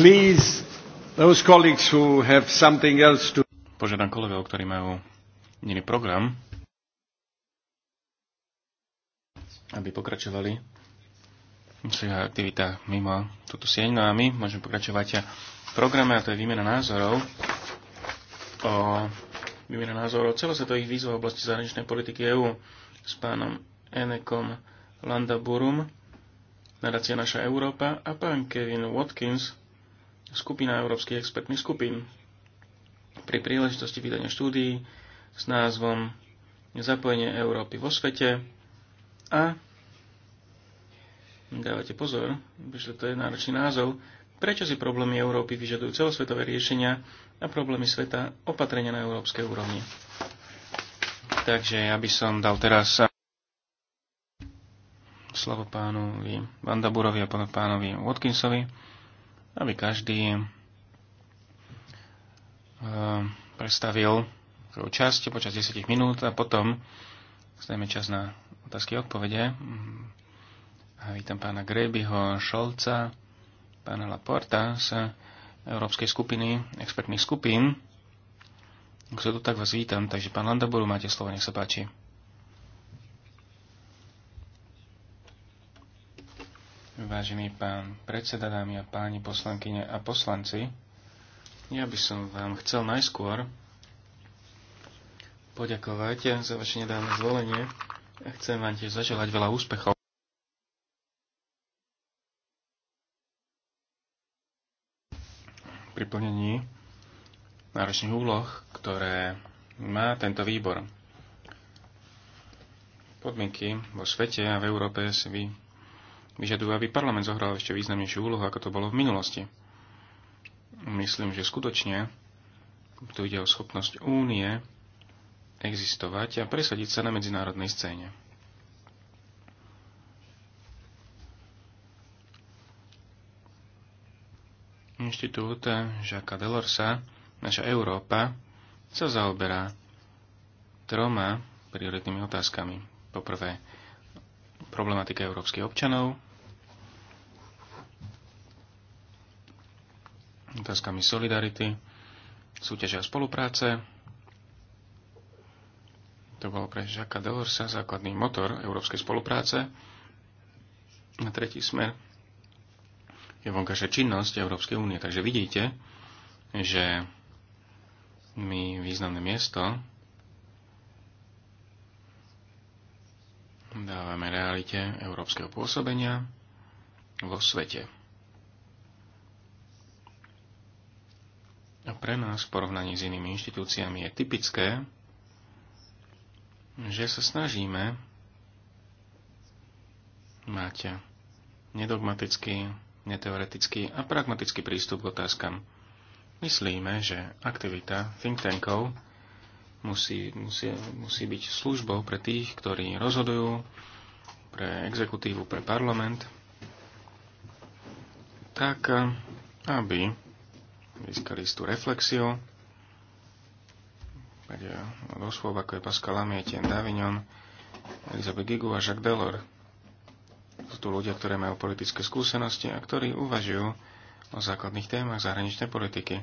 Please, those colleagues who have something else to... Požiadam kolegov, ktorí majú iný program, aby pokračovali v svojich aktivitách mimo túto sieň. No a my môžeme pokračovať v programe, a to je výmena názorov o výmena názorov celosvetových výzov v oblasti zahraničnej politiky EÚ s pánom Enekom Landaburum, nadácia Naša Európa a pán Kevin Watkins, skupina európskych expertných skupín pri príležitosti vydania štúdií s názvom Zapojenie Európy vo svete a dávate pozor, že to je náročný názov, prečo si problémy Európy vyžadujú celosvetové riešenia a problémy sveta opatrenia na európskej úrovni. Takže ja by som dal teraz slovo pánovi Vandaburovi a pánovi Watkinsovi aby každý eh, predstavil prvú časť počas 10 minút a potom stajme čas na otázky a odpovede. Mhm. A vítam pána Grebyho, Šolca, pána Laporta z Európskej skupiny, expertných skupín. Kto to tak vás vítam, takže pán Landaburu, máte slovo, nech sa páči. Vážený pán predseda, dámy a páni poslankyne a poslanci, ja by som vám chcel najskôr poďakovať za vaše nedávne zvolenie a chcem vám tiež zaželať veľa úspechov. pri plnení náročných úloh, ktoré má tento výbor. Podmienky vo svete a v Európe si vy vyžadujú, aby parlament zohral ešte významnejšiu úlohu, ako to bolo v minulosti. Myslím, že skutočne tu ide o schopnosť únie existovať a presadiť sa na medzinárodnej scéne. Inštitút Žaka Delorsa, naša Európa, sa zaoberá troma prioritnými otázkami. Poprvé, problematika európskych občanov, otázkami solidarity, súťaže a spolupráce. To bolo pre Žaka Delorsa základný motor európskej spolupráce. A tretí smer je vonkajšia činnosť Európskej únie. Takže vidíte, že my významné miesto dávame realite európskeho pôsobenia vo svete. Pre nás v porovnaní s inými inštitúciami je typické, že sa snažíme mať nedogmatický, neteoretický a pragmatický prístup k otázkam. Myslíme, že aktivita think tankov musí, musí, musí byť službou pre tých, ktorí rozhodujú, pre exekutívu, pre parlament, tak aby získali istú reflexiu. Kde od osôb, ako je Pascal Amietien, Davignon, Elizabeth Gigu a Jacques Delors. Sú tu ľudia, ktoré majú politické skúsenosti a ktorí uvažujú o základných témach zahraničnej politiky.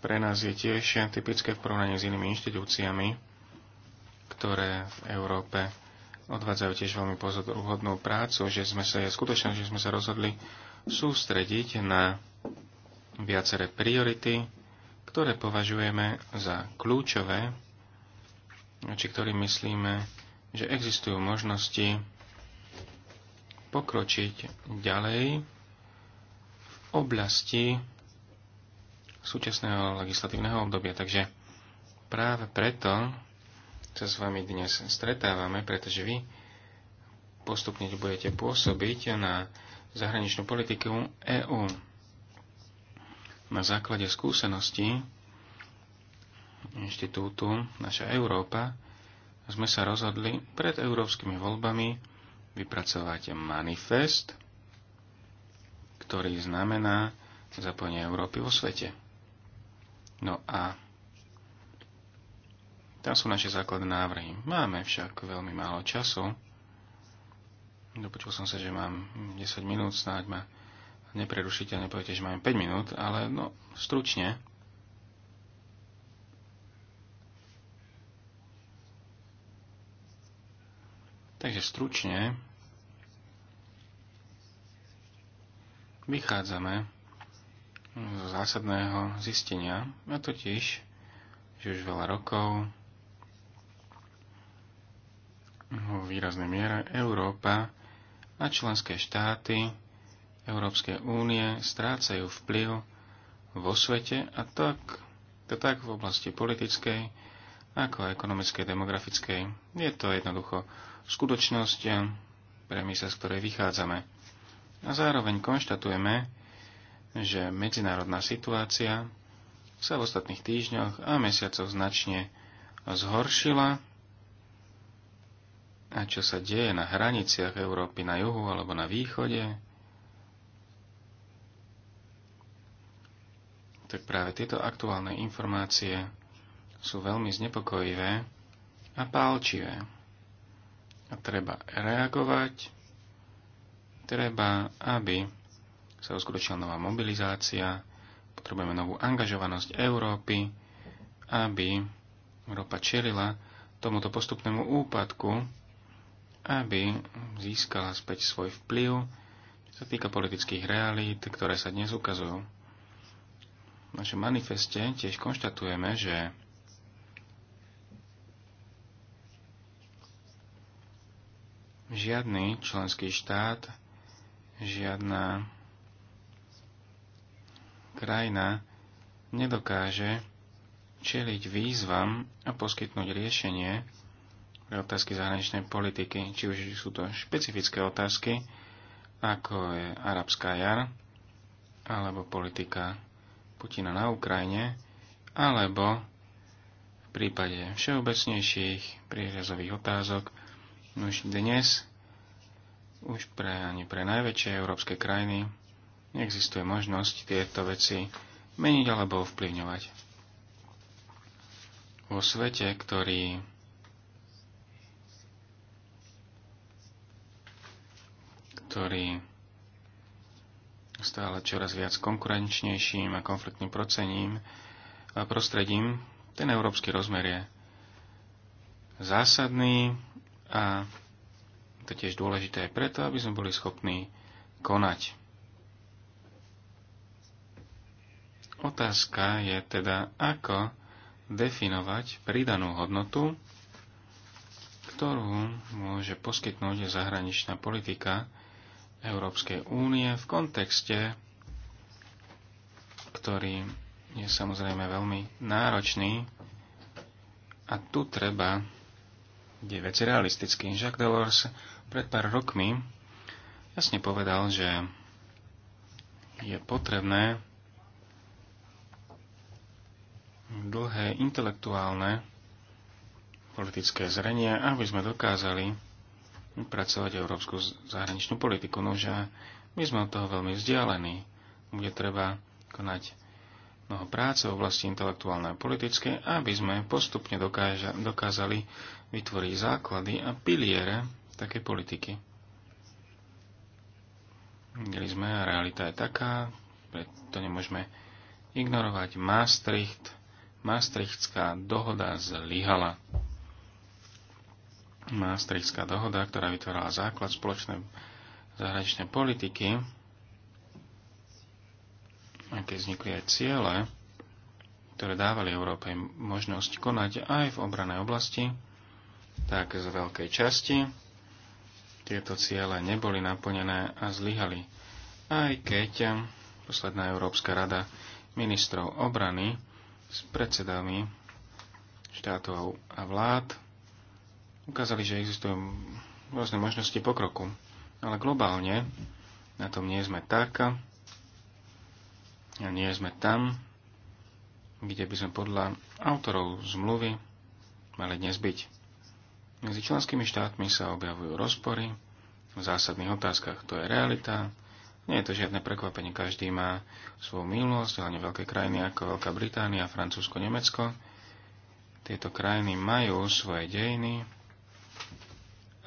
Pre nás je tiež typické v porovnaní s inými inštitúciami, ktoré v Európe odvádzajú tiež veľmi pozorúhodnú prácu, že sme sa, je skutočné, že sme sa rozhodli sústrediť na viaceré priority, ktoré považujeme za kľúčové, či ktorým myslíme, že existujú možnosti pokročiť ďalej v oblasti súčasného legislatívneho obdobia. Takže práve preto sa s vami dnes stretávame, pretože vy postupne budete pôsobiť na zahraničnú politiku EÚ na základe skúseností inštitútu Naša Európa sme sa rozhodli pred európskymi voľbami vypracovať manifest, ktorý znamená zapojenie Európy vo svete. No a tam sú naše základné návrhy. Máme však veľmi málo času. Dopočul som sa, že mám 10 minút, snáď ma neprerušite a nepoviete, že máme 5 minút, ale no, stručne. Takže stručne vychádzame zo zásadného zistenia, a totiž, že už veľa rokov vo výraznej miere Európa a členské štáty Európskej únie strácajú vplyv vo svete a tak, to tak v oblasti politickej, ako ekonomickej, demografickej. Je to jednoducho skutočnosť, premisa, z ktorej vychádzame. A zároveň konštatujeme, že medzinárodná situácia sa v ostatných týždňoch a mesiacoch značne zhoršila a čo sa deje na hraniciach Európy na juhu alebo na východe, tak práve tieto aktuálne informácie sú veľmi znepokojivé a pálčivé. A treba reagovať, treba, aby sa uskutočnila nová mobilizácia, potrebujeme novú angažovanosť Európy, aby Európa čelila tomuto postupnému úpadku, aby získala späť svoj vplyv, čo sa týka politických realít, ktoré sa dnes ukazujú. V našom manifeste tiež konštatujeme, že žiadny členský štát, žiadna krajina nedokáže čeliť výzvam a poskytnúť riešenie pre otázky zahraničnej politiky, či už sú to špecifické otázky, ako je arabská jar, alebo politika Putina na Ukrajine, alebo v prípade všeobecnejších prírezových otázok no už dnes už pre, ani pre najväčšie európske krajiny neexistuje možnosť tieto veci meniť alebo ovplyvňovať. Vo svete, ktorý ktorý stále čoraz viac konkurenčnejším a konfliktným procením, a prostredím, ten európsky rozmer je zásadný a to tiež dôležité je preto, aby sme boli schopní konať. Otázka je teda, ako definovať pridanú hodnotu, ktorú môže poskytnúť zahraničná politika Európskej únie v kontexte, ktorý je samozrejme veľmi náročný a tu treba je veci realistický. Jacques Delors pred pár rokmi jasne povedal, že je potrebné dlhé intelektuálne politické zrenie, aby sme dokázali pracovať európsku zahraničnú politiku. Nože my sme od toho veľmi vzdialení. Bude treba konať mnoho práce v oblasti intelektuálnej a politické, aby sme postupne dokáža, dokázali vytvoriť základy a piliere také politiky. Videli sme, realita je taká, preto nemôžeme ignorovať Maastricht. Maastrichtská dohoda zlyhala. Maastrichtská dohoda, ktorá vytvorila základ spoločnej zahraničnej politiky, a keď vznikli aj ciele, ktoré dávali Európe možnosť konať aj v obranej oblasti, tak z veľkej časti tieto ciele neboli naplnené a zlyhali. Aj keď posledná Európska rada ministrov obrany s predsedami štátov a vlád ukázali, že existujú rôzne možnosti pokroku. Ale globálne na tom nie sme tak a nie sme tam, kde by sme podľa autorov zmluvy mali dnes byť. Medzi členskými štátmi sa objavujú rozpory v zásadných otázkach. To je realita. Nie je to žiadne prekvapenie. Každý má svoju minulosť, hlavne veľké krajiny ako Veľká Británia, Francúzsko, Nemecko. Tieto krajiny majú svoje dejiny,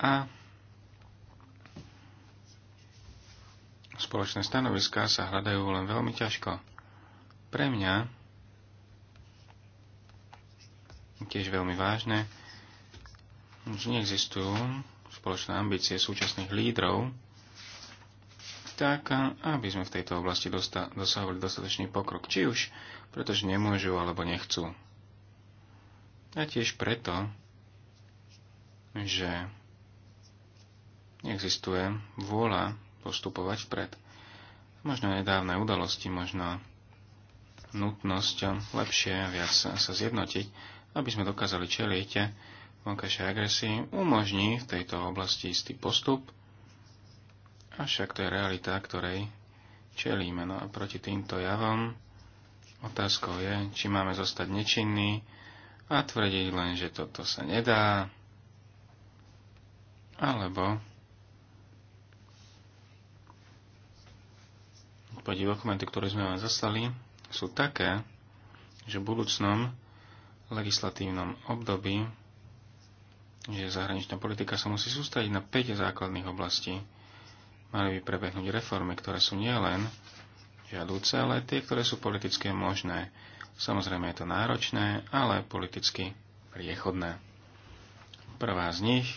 a spoločné stanoviská sa hľadajú len veľmi ťažko. Pre mňa tiež veľmi vážne, že neexistujú spoločné ambície súčasných lídrov, tak aby sme v tejto oblasti dosta- dosahovali dostatočný pokrok, či už pretože nemôžu alebo nechcú. A tiež preto, že neexistuje vôľa postupovať vpred. Možno nedávne udalosti, možno nutnosť lepšie a viac sa zjednotiť, aby sme dokázali čeliť vonkajšej agresii, umožní v tejto oblasti istý postup, avšak to je realita, ktorej čelíme. No a proti týmto javom otázkou je, či máme zostať nečinní a tvrdiť len, že toto sa nedá, alebo odpovedi dokumenty, ktoré sme vám zaslali, sú také, že v budúcnom legislatívnom období, že zahraničná politika sa musí sústrediť na 5 základných oblastí. Mali by prebehnúť reformy, ktoré sú nielen žiadúce, ale tie, ktoré sú politické možné. Samozrejme je to náročné, ale politicky priechodné. Prvá z nich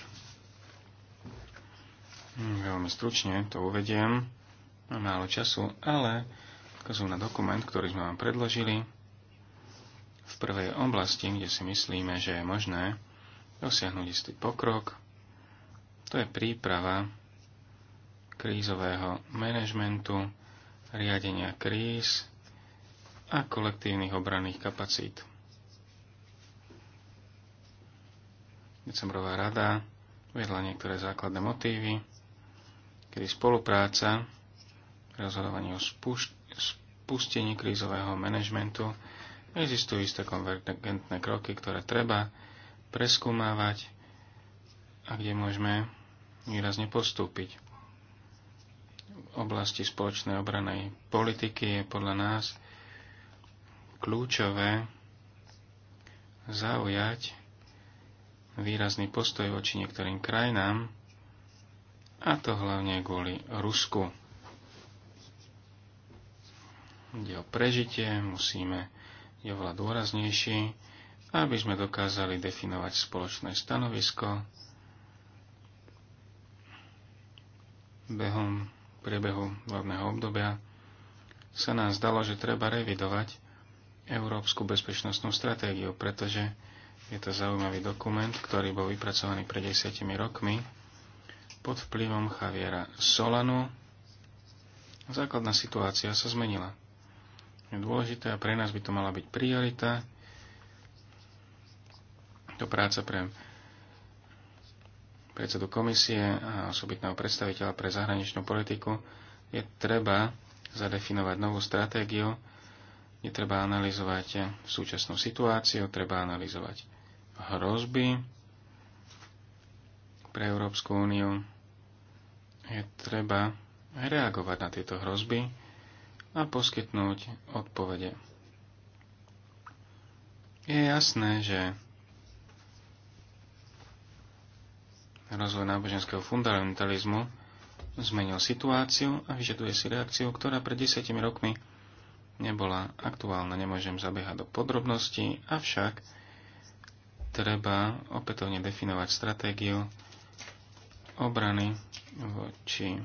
Hm, veľmi stručne to uvediem. Mám málo času, ale ukazujem na dokument, ktorý sme vám predložili. V prvej oblasti, kde si myslíme, že je možné dosiahnuť istý pokrok, to je príprava krízového manažmentu, riadenia kríz a kolektívnych obranných kapacít. Decembrová rada vedla niektoré základné motívy, kedy spolupráca pri rozhodovaní o spustení krízového manažmentu existujú isté konvergentné kroky, ktoré treba preskúmávať a kde môžeme výrazne postúpiť. V oblasti spoločnej obranej politiky je podľa nás kľúčové zaujať výrazný postoj voči niektorým krajinám, a to hlavne kvôli Rusku. Ide o prežitie, musíme je oveľa dôraznejší, aby sme dokázali definovať spoločné stanovisko behom priebehu vládneho obdobia sa nám zdalo, že treba revidovať Európsku bezpečnostnú stratégiu, pretože je to zaujímavý dokument, ktorý bol vypracovaný pred desiatimi rokmi pod vplyvom Javiera Solanu základná situácia sa zmenila. Je dôležité a pre nás by to mala byť priorita. To práca pre predsedu komisie a osobitného predstaviteľa pre zahraničnú politiku je treba zadefinovať novú stratégiu, je treba analyzovať súčasnú situáciu, treba analyzovať hrozby pre Európsku úniu, je treba reagovať na tieto hrozby a poskytnúť odpovede. Je jasné, že rozvoj náboženského fundamentalizmu zmenil situáciu a vyžaduje si reakciu, ktorá pred desiatimi rokmi nebola aktuálna. Nemôžem zabiehať do podrobností, avšak treba opätovne definovať stratégiu obrany voči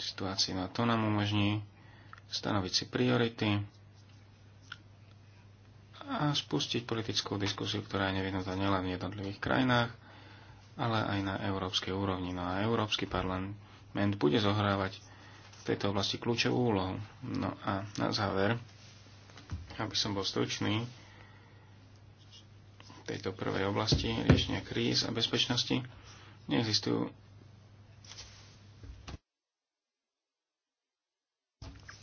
situácii. No a to nám umožní stanoviť si priority a spustiť politickú diskusiu, ktorá je nevyhnutá nielen v jednotlivých krajinách, ale aj na európskej úrovni. No a Európsky parlament bude zohrávať v tejto oblasti kľúčovú úlohu. No a na záver, aby som bol stručný, tejto prvej oblasti riešenia kríz a bezpečnosti neexistujú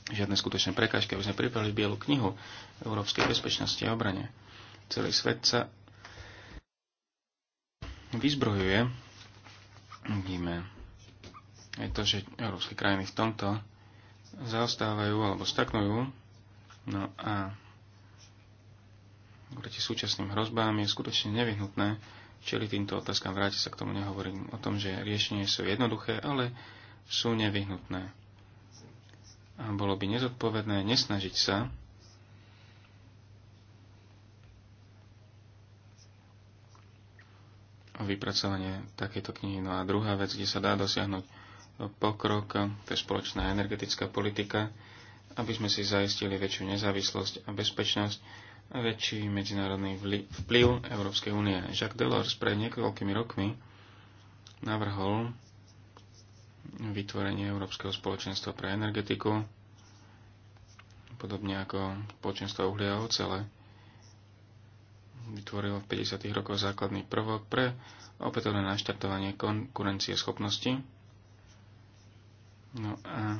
žiadne skutočné prekážky, aby sme pripravili Bielu knihu Európskej bezpečnosti a obrane. Celý svet sa vyzbrojuje. Vidíme aj to, že európske krajiny v tomto zaostávajú alebo staknujú. No a proti súčasným hrozbám je skutočne nevyhnutné čili týmto otázkam. Vráti sa k tomu, nehovorím o tom, že riešenie sú jednoduché, ale sú nevyhnutné. A bolo by nezodpovedné nesnažiť sa o vypracovanie takéto knihy. No a druhá vec, kde sa dá dosiahnuť pokrok, to je spoločná energetická politika, aby sme si zaistili väčšiu nezávislosť a bezpečnosť väčší medzinárodný vplyv Európskej únie. Jacques Delors pred niekoľkými rokmi navrhol vytvorenie Európskeho spoločenstva pre energetiku, podobne ako spoločenstvo uhlia a ocele. Vytvoril v 50. rokoch základný prvok pre opätovné naštartovanie konkurencie schopnosti. No a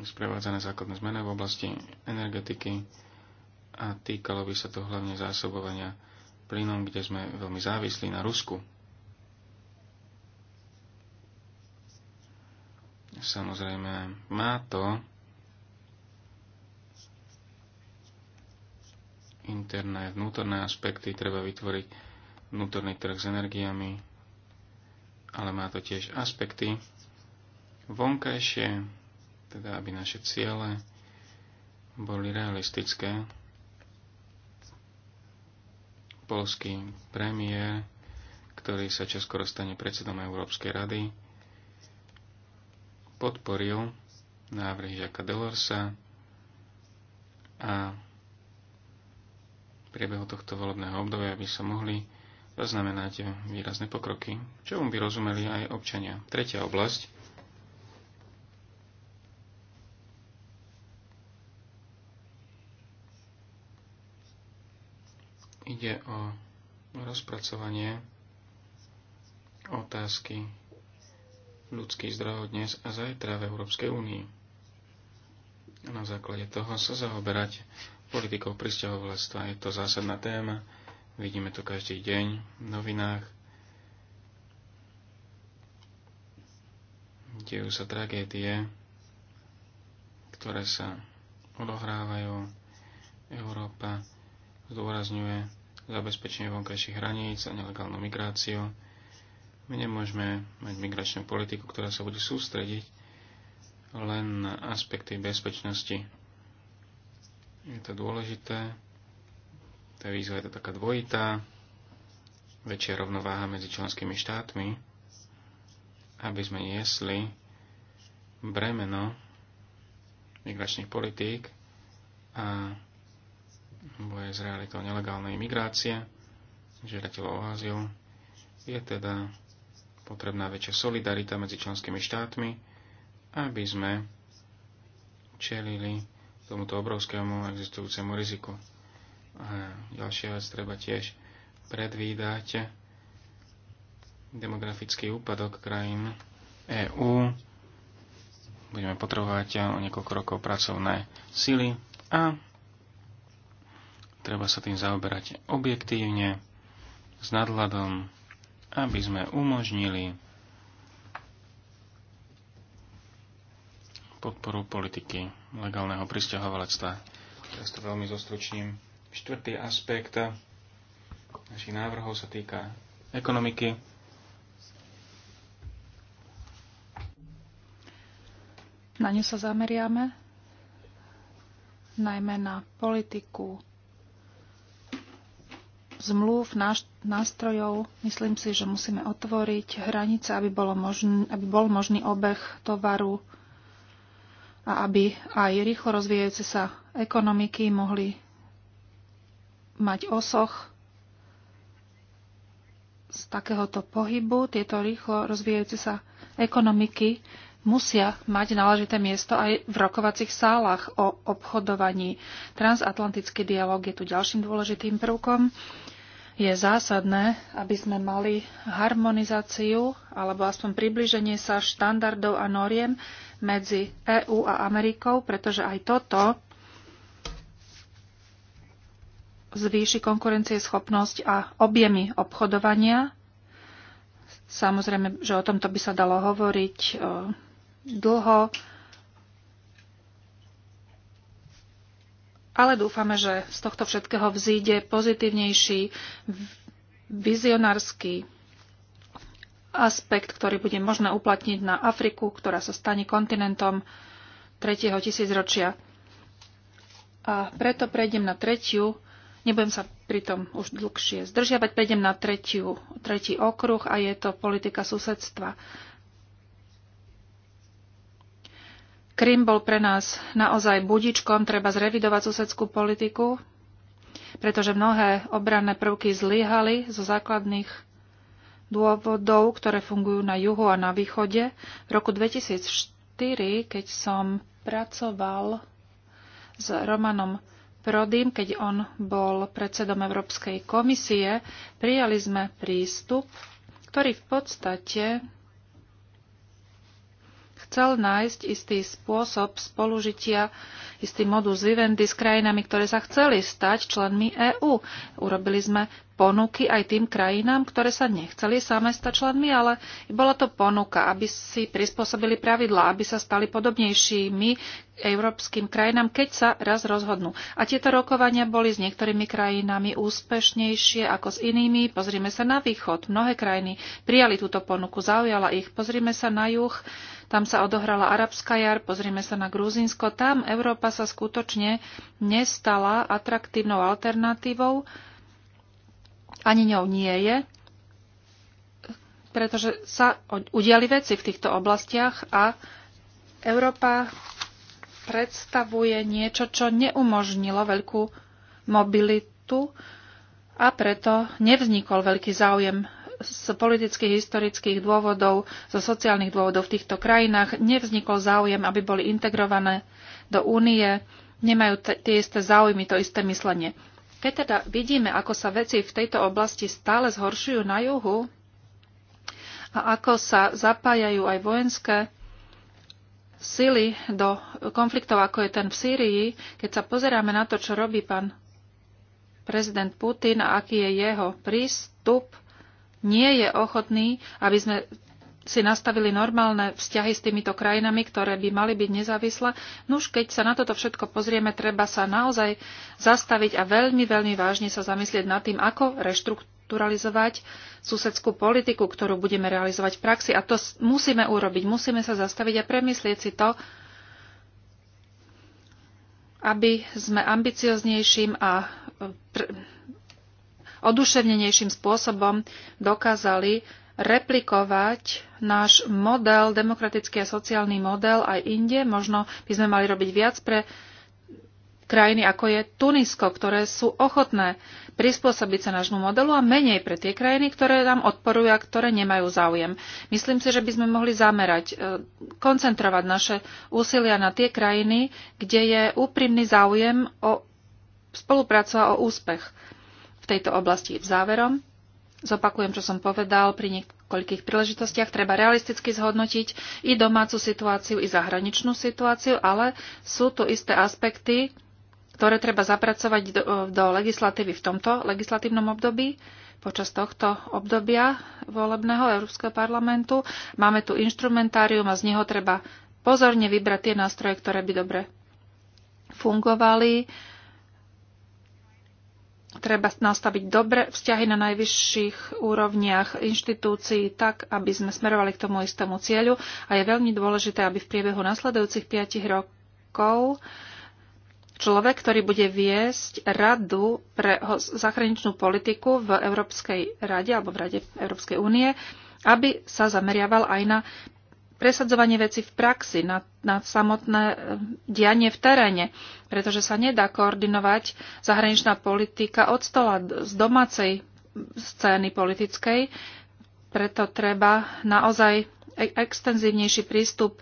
sprevádzané základné zmeny v oblasti energetiky a týkalo by sa to hlavne zásobovania plynom, kde sme veľmi závislí na Rusku. Samozrejme, má to interné, vnútorné aspekty, treba vytvoriť vnútorný trh s energiami, ale má to tiež aspekty vonkajšie, teda aby naše ciele boli realistické. Polský premiér, ktorý sa čoskoro stane predsedom Európskej rady, podporil návrhy Jaka Delorsa a v priebehu tohto volebného obdobia by sa mohli zaznamenať výrazné pokroky, čo by rozumeli aj občania. Tretia oblasť, Ide o rozpracovanie otázky ľudských zdrojov dnes a zajtra v Európskej únii. A na základe toho sa zaoberať politikou pristahovalectva. Je to zásadná téma, vidíme to každý deň v novinách. Dejú sa tragédie, ktoré sa odohrávajú. Európa zdôrazňuje zabezpečenie vonkajších hraníc a nelegálnu migráciu. My nemôžeme mať migračnú politiku, ktorá sa bude sústrediť len na aspekty bezpečnosti. Je to dôležité. Tá výzva je to taká dvojitá. Väčšia rovnováha medzi členskými štátmi, aby sme niesli bremeno migračných politík a boje s realitou nelegálnej migrácie, žiadateľov o azyl, je teda potrebná väčšia solidarita medzi členskými štátmi, aby sme čelili tomuto obrovskému existujúcemu riziku. A ďalšia vec treba tiež predvídať demografický úpadok krajín EÚ. Budeme potrebovať o niekoľko rokov pracovné sily a Treba sa tým zaoberať objektívne, s nadhľadom, aby sme umožnili podporu politiky legálneho pristahovalectva. Teraz to veľmi zostručním. Štvrtý aspekt našich návrhov sa týka ekonomiky. Na ňu sa zameriame, najmä na politiku zmluv, nástrojov, myslím si, že musíme otvoriť hranice, aby, bolo možný, aby bol možný obeh tovaru a aby aj rýchlo rozvíjajúce sa ekonomiky mohli mať osoch z takéhoto pohybu. Tieto rýchlo rozvíjajúce sa ekonomiky musia mať náležité miesto aj v rokovacích sálach o obchodovaní. Transatlantický dialog je tu ďalším dôležitým prvkom je zásadné, aby sme mali harmonizáciu alebo aspoň približenie sa štandardov a noriem medzi EÚ a Amerikou, pretože aj toto zvýši konkurencieschopnosť a objemy obchodovania. Samozrejme, že o tomto by sa dalo hovoriť e, dlho ale dúfame, že z tohto všetkého vzíde pozitívnejší, vizionársky aspekt, ktorý bude možné uplatniť na Afriku, ktorá sa stane kontinentom 3. tisícročia. A preto prejdem na tretiu, nebudem sa pritom už dlhšie zdržiavať, prejdem na tretiu, tretí okruh a je to politika susedstva. Krym bol pre nás naozaj budičkom, treba zrevidovať susedskú politiku, pretože mnohé obranné prvky zlyhali zo základných dôvodov, ktoré fungujú na juhu a na východe. V roku 2004, keď som pracoval s Romanom Prodym, keď on bol predsedom Európskej komisie, prijali sme prístup, ktorý v podstate chcel nájsť istý spôsob spolužitia istý modus vivendi s krajinami, ktoré sa chceli stať členmi EÚ. Urobili sme ponuky aj tým krajinám, ktoré sa nechceli same stať členmi, ale bola to ponuka, aby si prispôsobili pravidlá, aby sa stali podobnejšími európskym krajinám, keď sa raz rozhodnú. A tieto rokovania boli s niektorými krajinami úspešnejšie ako s inými. Pozrime sa na východ. Mnohé krajiny prijali túto ponuku, zaujala ich. Pozrime sa na juh, tam sa odohrala arabská jar, pozrime sa na Gruzinsko, tam Európa sa skutočne nestala atraktívnou alternatívou, ani ňou nie je, pretože sa udiali veci v týchto oblastiach a Európa predstavuje niečo, čo neumožnilo veľkú mobilitu a preto nevznikol veľký záujem z politických, historických dôvodov, zo sociálnych dôvodov v týchto krajinách nevznikol záujem, aby boli integrované do únie, nemajú tie isté záujmy, to isté myslenie. Keď teda vidíme, ako sa veci v tejto oblasti stále zhoršujú na juhu a ako sa zapájajú aj vojenské sily do konfliktov, ako je ten v Sýrii, keď sa pozeráme na to, čo robí pán prezident Putin a aký je jeho prístup nie je ochotný, aby sme si nastavili normálne vzťahy s týmito krajinami, ktoré by mali byť nezávislé. Nuž, keď sa na toto všetko pozrieme, treba sa naozaj zastaviť a veľmi, veľmi vážne sa zamyslieť nad tým, ako reštrukturalizovať susedskú politiku, ktorú budeme realizovať v praxi. A to musíme urobiť. Musíme sa zastaviť a premyslieť si to, aby sme ambicioznejším a e, oduševnenejším spôsobom dokázali replikovať náš model, demokratický a sociálny model aj inde. Možno by sme mali robiť viac pre krajiny, ako je Tunisko, ktoré sú ochotné prispôsobiť sa nášmu modelu a menej pre tie krajiny, ktoré nám odporujú a ktoré nemajú záujem. Myslím si, že by sme mohli zamerať, e, koncentrovať naše úsilia na tie krajiny, kde je úprimný záujem o spoluprácu a o úspech v tejto oblasti. Záverom, zopakujem, čo som povedal pri niekoľkých príležitostiach, treba realisticky zhodnotiť i domácu situáciu, i zahraničnú situáciu, ale sú tu isté aspekty, ktoré treba zapracovať do, do legislatívy v tomto legislatívnom období, počas tohto obdobia volebného Európskeho parlamentu. Máme tu instrumentárium a z neho treba pozorne vybrať tie nástroje, ktoré by dobre fungovali treba nastaviť dobre vzťahy na najvyšších úrovniach inštitúcií tak, aby sme smerovali k tomu istému cieľu a je veľmi dôležité, aby v priebehu nasledujúcich 5 rokov človek, ktorý bude viesť radu pre zahraničnú politiku v Európskej rade alebo v Rade Európskej únie, aby sa zameriaval aj na presadzovanie veci v praxi, na, na samotné eh, dianie v teréne, pretože sa nedá koordinovať zahraničná politika od stola z domácej scény politickej, preto treba naozaj e, extenzívnejší prístup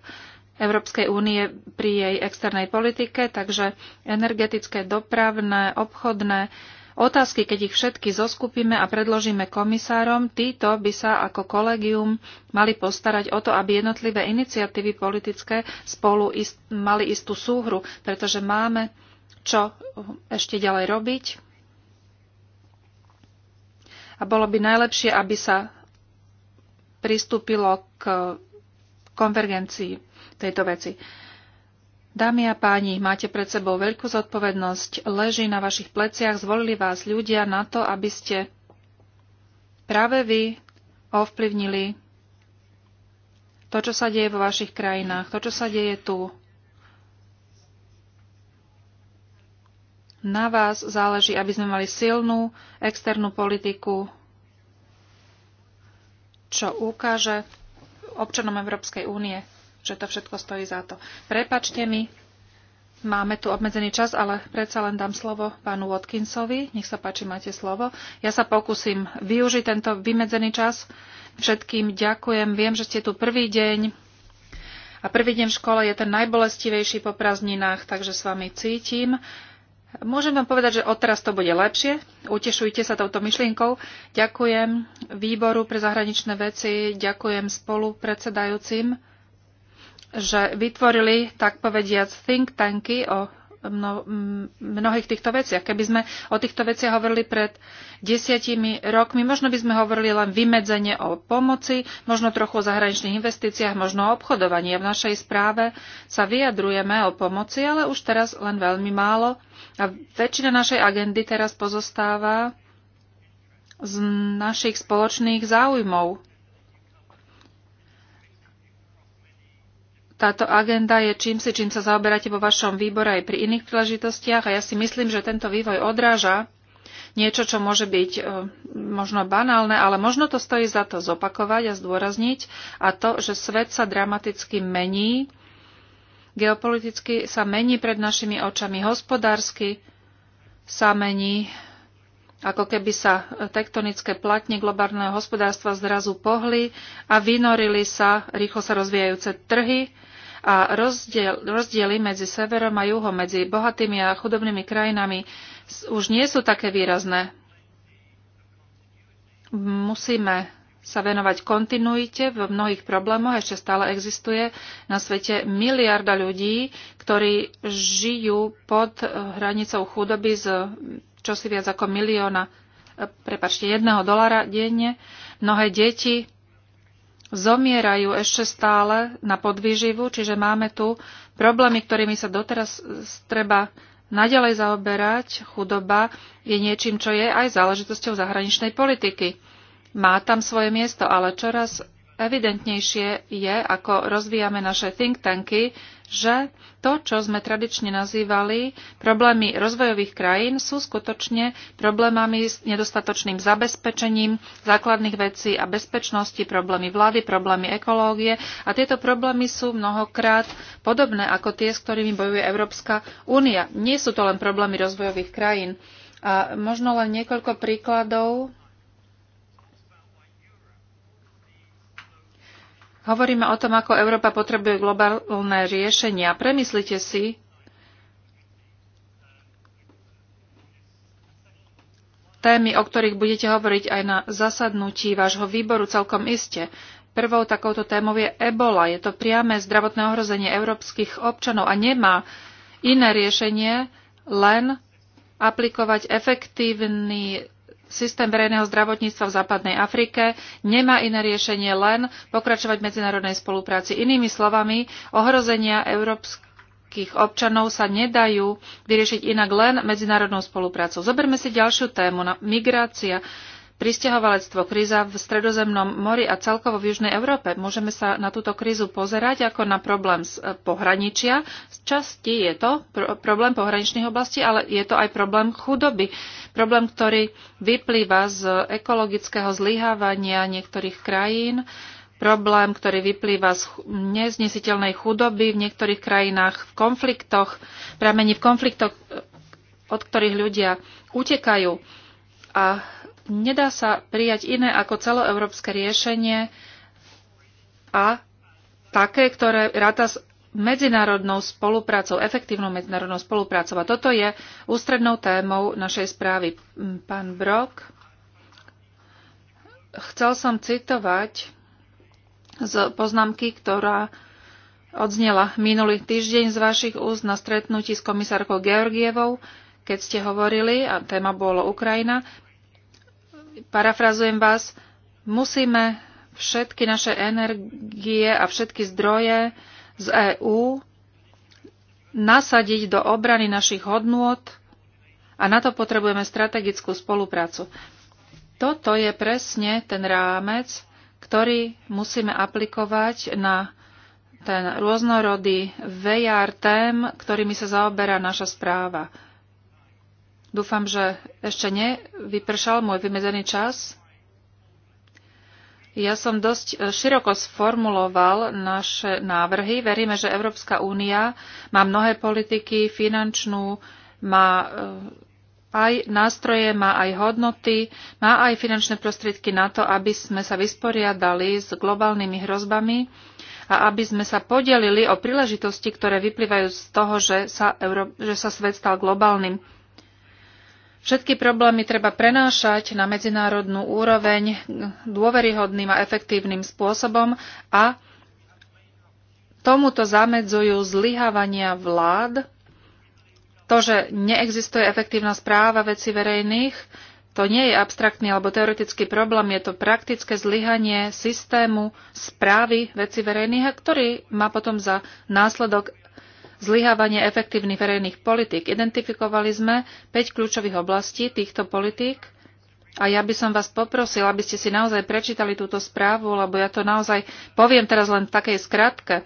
Európskej únie pri jej externej politike, takže energetické, dopravné, obchodné, Otázky, keď ich všetky zoskupíme a predložíme komisárom, títo by sa ako kolegium mali postarať o to, aby jednotlivé iniciatívy politické spolu ist, mali istú súhru, pretože máme čo ešte ďalej robiť. A bolo by najlepšie, aby sa pristúpilo k konvergencii tejto veci. Dámy a páni, máte pred sebou veľkú zodpovednosť. Leží na vašich pleciach, zvolili vás ľudia na to, aby ste práve vy ovplyvnili to, čo sa deje vo vašich krajinách, to, čo sa deje tu. Na vás záleží, aby sme mali silnú externú politiku, čo ukáže občanom Európskej únie že to všetko stojí za to. Prepačte mi, Máme tu obmedzený čas, ale predsa len dám slovo pánu Watkinsovi. Nech sa páči, máte slovo. Ja sa pokúsim využiť tento vymedzený čas. Všetkým ďakujem. Viem, že ste tu prvý deň. A prvý deň v škole je ten najbolestivejší po prázdninách, takže s vami cítim. Môžem vám povedať, že odteraz to bude lepšie. Utešujte sa touto myšlienkou. Ďakujem výboru pre zahraničné veci, ďakujem spolupredsedajúcim že vytvorili, tak povediac, think tanky o mno, mnohých týchto veciach. Keby sme o týchto veciach hovorili pred desiatimi rokmi, možno by sme hovorili len vymedzenie o pomoci, možno trochu o zahraničných investíciách, možno o obchodovaní. V našej správe sa vyjadrujeme o pomoci, ale už teraz len veľmi málo. A väčšina našej agendy teraz pozostáva z našich spoločných záujmov. Táto agenda je čím si, čím sa zaoberáte vo vašom výbore aj pri iných príležitostiach a ja si myslím, že tento vývoj odráža niečo, čo môže byť e, možno banálne, ale možno to stojí za to zopakovať a zdôrazniť a to, že svet sa dramaticky mení, geopoliticky sa mení pred našimi očami, hospodársky sa mení, ako keby sa tektonické platne globálneho hospodárstva zrazu pohli a vynorili sa rýchlo sa rozvíjajúce trhy, a rozdiel, rozdiely medzi severom a juhom, medzi bohatými a chudobnými krajinami už nie sú také výrazné. Musíme sa venovať kontinuite v mnohých problémoch. Ešte stále existuje na svete miliarda ľudí, ktorí žijú pod hranicou chudoby z čosi viac ako milióna, prepačte, jedného dolára denne. Mnohé deti zomierajú ešte stále na podvýživu, čiže máme tu problémy, ktorými sa doteraz treba naďalej zaoberať. Chudoba je niečím, čo je aj záležitosťou zahraničnej politiky. Má tam svoje miesto, ale čoraz evidentnejšie je, ako rozvíjame naše think tanky, že to, čo sme tradične nazývali problémy rozvojových krajín, sú skutočne problémami s nedostatočným zabezpečením základných vecí a bezpečnosti, problémy vlády, problémy ekológie. A tieto problémy sú mnohokrát podobné ako tie, s ktorými bojuje Európska únia. Nie sú to len problémy rozvojových krajín. A možno len niekoľko príkladov Hovoríme o tom, ako Európa potrebuje globálne riešenia. Premyslite si, témy, o ktorých budete hovoriť aj na zasadnutí vášho výboru celkom iste. Prvou takouto témou je ebola. Je to priame zdravotné ohrozenie európskych občanov a nemá iné riešenie, len aplikovať efektívny systém verejného zdravotníctva v západnej Afrike nemá iné riešenie len pokračovať v medzinárodnej spolupráci. Inými slovami, ohrozenia európskych občanov sa nedajú vyriešiť inak len medzinárodnou spoluprácou. Zoberme si ďalšiu tému, migrácia pristahovalectvo, kríza v Stredozemnom mori a celkovo v Južnej Európe. Môžeme sa na túto krízu pozerať ako na problém z eh, pohraničia. Z časti je to pr- problém pohraničných oblastí, ale je to aj problém chudoby. Problém, ktorý vyplýva z ekologického zlyhávania niektorých krajín, problém, ktorý vyplýva z neznesiteľnej chudoby v niektorých krajinách, v konfliktoch, pramení v konfliktoch, eh, od ktorých ľudia utekajú a nedá sa prijať iné ako celoeurópske riešenie a také, ktoré ráta s medzinárodnou spoluprácou, efektívnou medzinárodnou spoluprácou. A toto je ústrednou témou našej správy. Mm, pán Brok, chcel som citovať z poznámky, ktorá odznela minulý týždeň z vašich úst na stretnutí s komisárkou Georgievou, keď ste hovorili, a téma bolo Ukrajina, parafrazujem vás, musíme všetky naše energie a všetky zdroje z EÚ nasadiť do obrany našich hodnôt a na to potrebujeme strategickú spoluprácu. Toto je presne ten rámec, ktorý musíme aplikovať na ten rôznorodý VR tém, ktorými sa zaoberá naša správa. Dúfam, že ešte nevypršal môj vymedzený čas. Ja som dosť e, široko sformuloval naše návrhy. Veríme, že Európska únia má mnohé politiky, finančnú, má e, aj nástroje, má aj hodnoty, má aj finančné prostriedky na to, aby sme sa vysporiadali s globálnymi hrozbami a aby sme sa podelili o príležitosti, ktoré vyplývajú z toho, že sa, Euró- že sa svet stal globálnym Všetky problémy treba prenášať na medzinárodnú úroveň dôveryhodným a efektívnym spôsobom a tomuto zamedzujú zlyhávania vlád, to, že neexistuje efektívna správa veci verejných, to nie je abstraktný alebo teoretický problém, je to praktické zlyhanie systému správy veci verejných, a ktorý má potom za následok zlyhávanie efektívnych verejných politík. Identifikovali sme 5 kľúčových oblastí týchto politík a ja by som vás poprosil, aby ste si naozaj prečítali túto správu, lebo ja to naozaj poviem teraz len v takej skratke.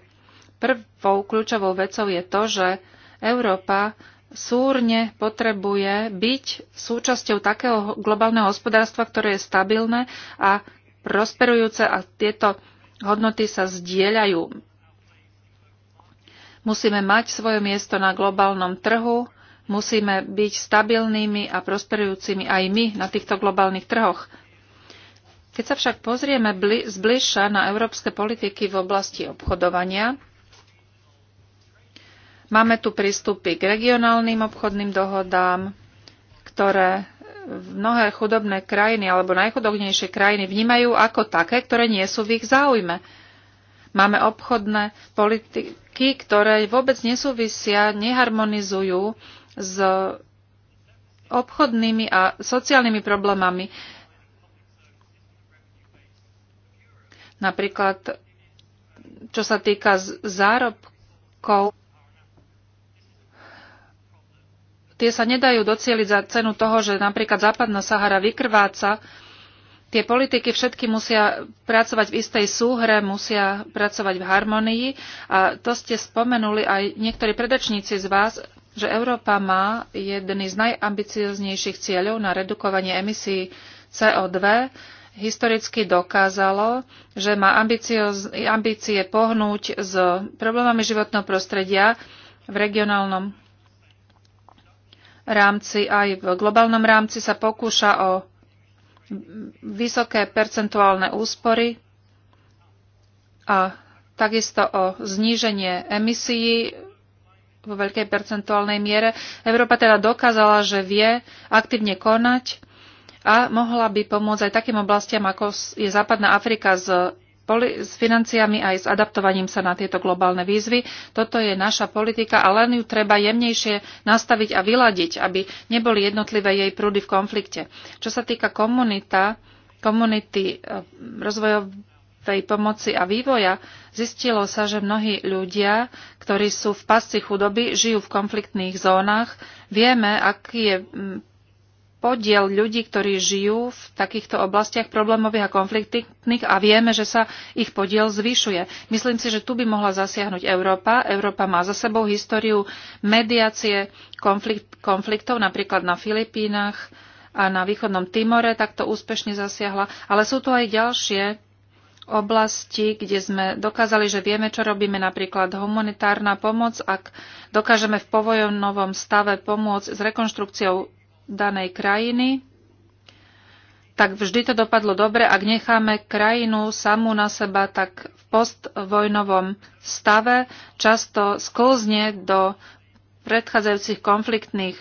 Prvou kľúčovou vecou je to, že Európa súrne potrebuje byť súčasťou takého globálneho hospodárstva, ktoré je stabilné a prosperujúce a tieto hodnoty sa zdieľajú Musíme mať svoje miesto na globálnom trhu, musíme byť stabilnými a prosperujúcimi aj my na týchto globálnych trhoch. Keď sa však pozrieme zbližša na európske politiky v oblasti obchodovania, máme tu prístupy k regionálnym obchodným dohodám, ktoré mnohé chudobné krajiny alebo najchudobnejšie krajiny vnímajú ako také, ktoré nie sú v ich záujme. Máme obchodné politi- prvky, ktoré vôbec nesúvisia, neharmonizujú s obchodnými a sociálnymi problémami. Napríklad, čo sa týka zárobkov, tie sa nedajú docieliť za cenu toho, že napríklad západná Sahara vykrváca tie politiky všetky musia pracovať v istej súhre, musia pracovať v harmonii. A to ste spomenuli aj niektorí predačníci z vás, že Európa má jedny z najambicioznejších cieľov na redukovanie emisí CO2. Historicky dokázalo, že má ambície pohnúť s problémami životného prostredia v regionálnom rámci aj v globálnom rámci sa pokúša o vysoké percentuálne úspory a takisto o zníženie emisií vo veľkej percentuálnej miere. Európa teda dokázala, že vie aktívne konať a mohla by pomôcť aj takým oblastiam, ako je západná Afrika s s financiami aj s adaptovaním sa na tieto globálne výzvy. Toto je naša politika a len ju treba jemnejšie nastaviť a vyladiť, aby neboli jednotlivé jej prúdy v konflikte. Čo sa týka komunita, komunity e, rozvojovej pomoci a vývoja, zistilo sa, že mnohí ľudia, ktorí sú v pasci chudoby, žijú v konfliktných zónach. Vieme, aký je podiel ľudí, ktorí žijú v takýchto oblastiach problémových a konfliktných a vieme, že sa ich podiel zvyšuje. Myslím si, že tu by mohla zasiahnuť Európa. Európa má za sebou históriu mediácie konflikt, konfliktov, napríklad na Filipínach a na východnom Timore takto úspešne zasiahla, ale sú tu aj ďalšie oblasti, kde sme dokázali, že vieme, čo robíme, napríklad humanitárna pomoc, ak dokážeme v povojnovom stave pomôcť s rekonštrukciou danej krajiny, tak vždy to dopadlo dobre. Ak necháme krajinu samú na seba, tak v postvojnovom stave často sklzne do predchádzajúcich konfliktných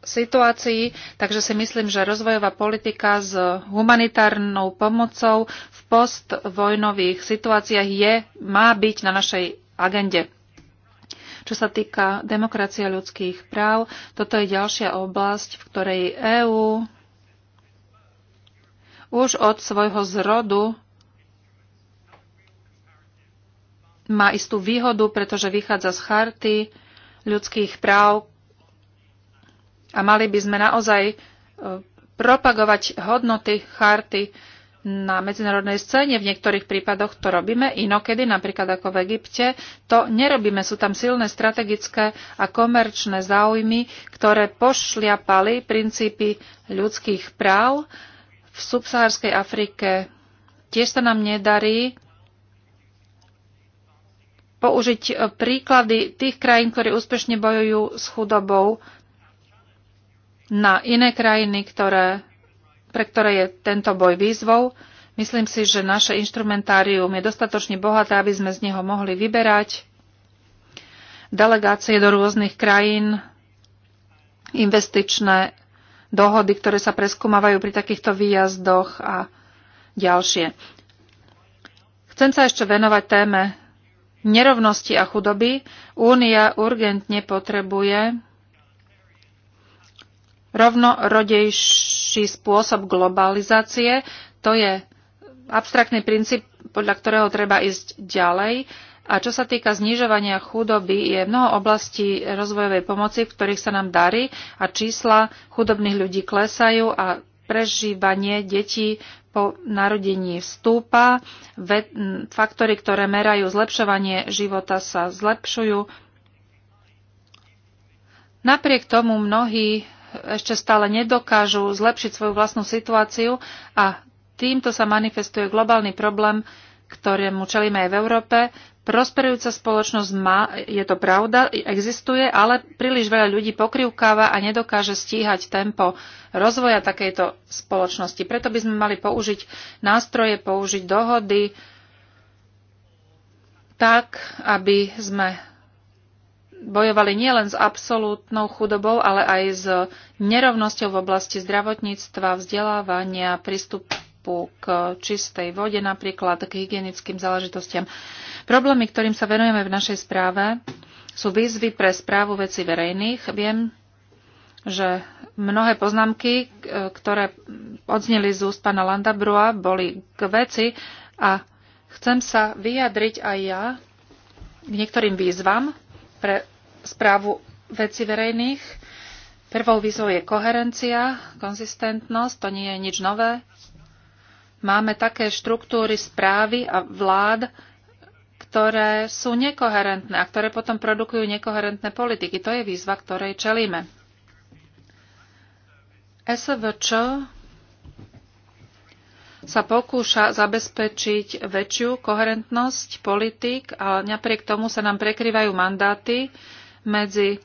situácií, takže si myslím, že rozvojová politika s humanitárnou pomocou v postvojnových situáciách je, má byť na našej agende. Čo sa týka demokracie ľudských práv, toto je ďalšia oblasť, v ktorej EÚ už od svojho zrodu má istú výhodu, pretože vychádza z charty ľudských práv a mali by sme naozaj e, propagovať hodnoty charty na medzinárodnej scéne. V niektorých prípadoch to robíme, inokedy, napríklad ako v Egypte, to nerobíme. Sú tam silné strategické a komerčné záujmy, ktoré pošliapali princípy ľudských práv. V subsahárskej Afrike tiež sa nám nedarí použiť e, príklady tých krajín, ktorí úspešne bojujú s chudobou na iné krajiny, ktoré pre ktoré je tento boj výzvou. Myslím si, že naše inštrumentárium je dostatočne bohaté, aby sme z neho mohli vyberať delegácie do rôznych krajín, investičné dohody, ktoré sa preskúmavajú pri takýchto výjazdoch a ďalšie. Chcem sa ešte venovať téme nerovnosti a chudoby. Únia urgentne potrebuje rovnorodejší spôsob globalizácie. To je abstraktný princíp, podľa ktorého treba ísť ďalej. A čo sa týka znižovania chudoby, je mnoho oblastí rozvojovej pomoci, v ktorých sa nám darí a čísla chudobných ľudí klesajú a prežívanie detí po narodení vstúpa. Faktory, ktoré merajú zlepšovanie života, sa zlepšujú. Napriek tomu mnohí ešte stále nedokážu zlepšiť svoju vlastnú situáciu a týmto sa manifestuje globálny problém, ktorému čelíme aj v Európe. Prosperujúca spoločnosť má, je to pravda, existuje, ale príliš veľa ľudí pokrivkáva a nedokáže stíhať tempo rozvoja takejto spoločnosti. Preto by sme mali použiť nástroje, použiť dohody tak, aby sme bojovali nielen s absolútnou chudobou, ale aj s nerovnosťou v oblasti zdravotníctva, vzdelávania, prístupu k čistej vode, napríklad k hygienickým záležitostiam. Problémy, ktorým sa venujeme v našej správe, sú výzvy pre správu veci verejných. Viem, že mnohé poznámky, ktoré odzneli z úst pána Landabrua, boli k veci a chcem sa vyjadriť aj ja k niektorým výzvam, pre správu veci verejných. Prvou výzvou je koherencia, konzistentnosť, to nie je nič nové. Máme také štruktúry správy a vlád, ktoré sú nekoherentné a ktoré potom produkujú nekoherentné politiky. To je výzva, ktorej čelíme. SVČ sa pokúša zabezpečiť väčšiu koherentnosť politik a napriek tomu sa nám prekryvajú mandáty medzi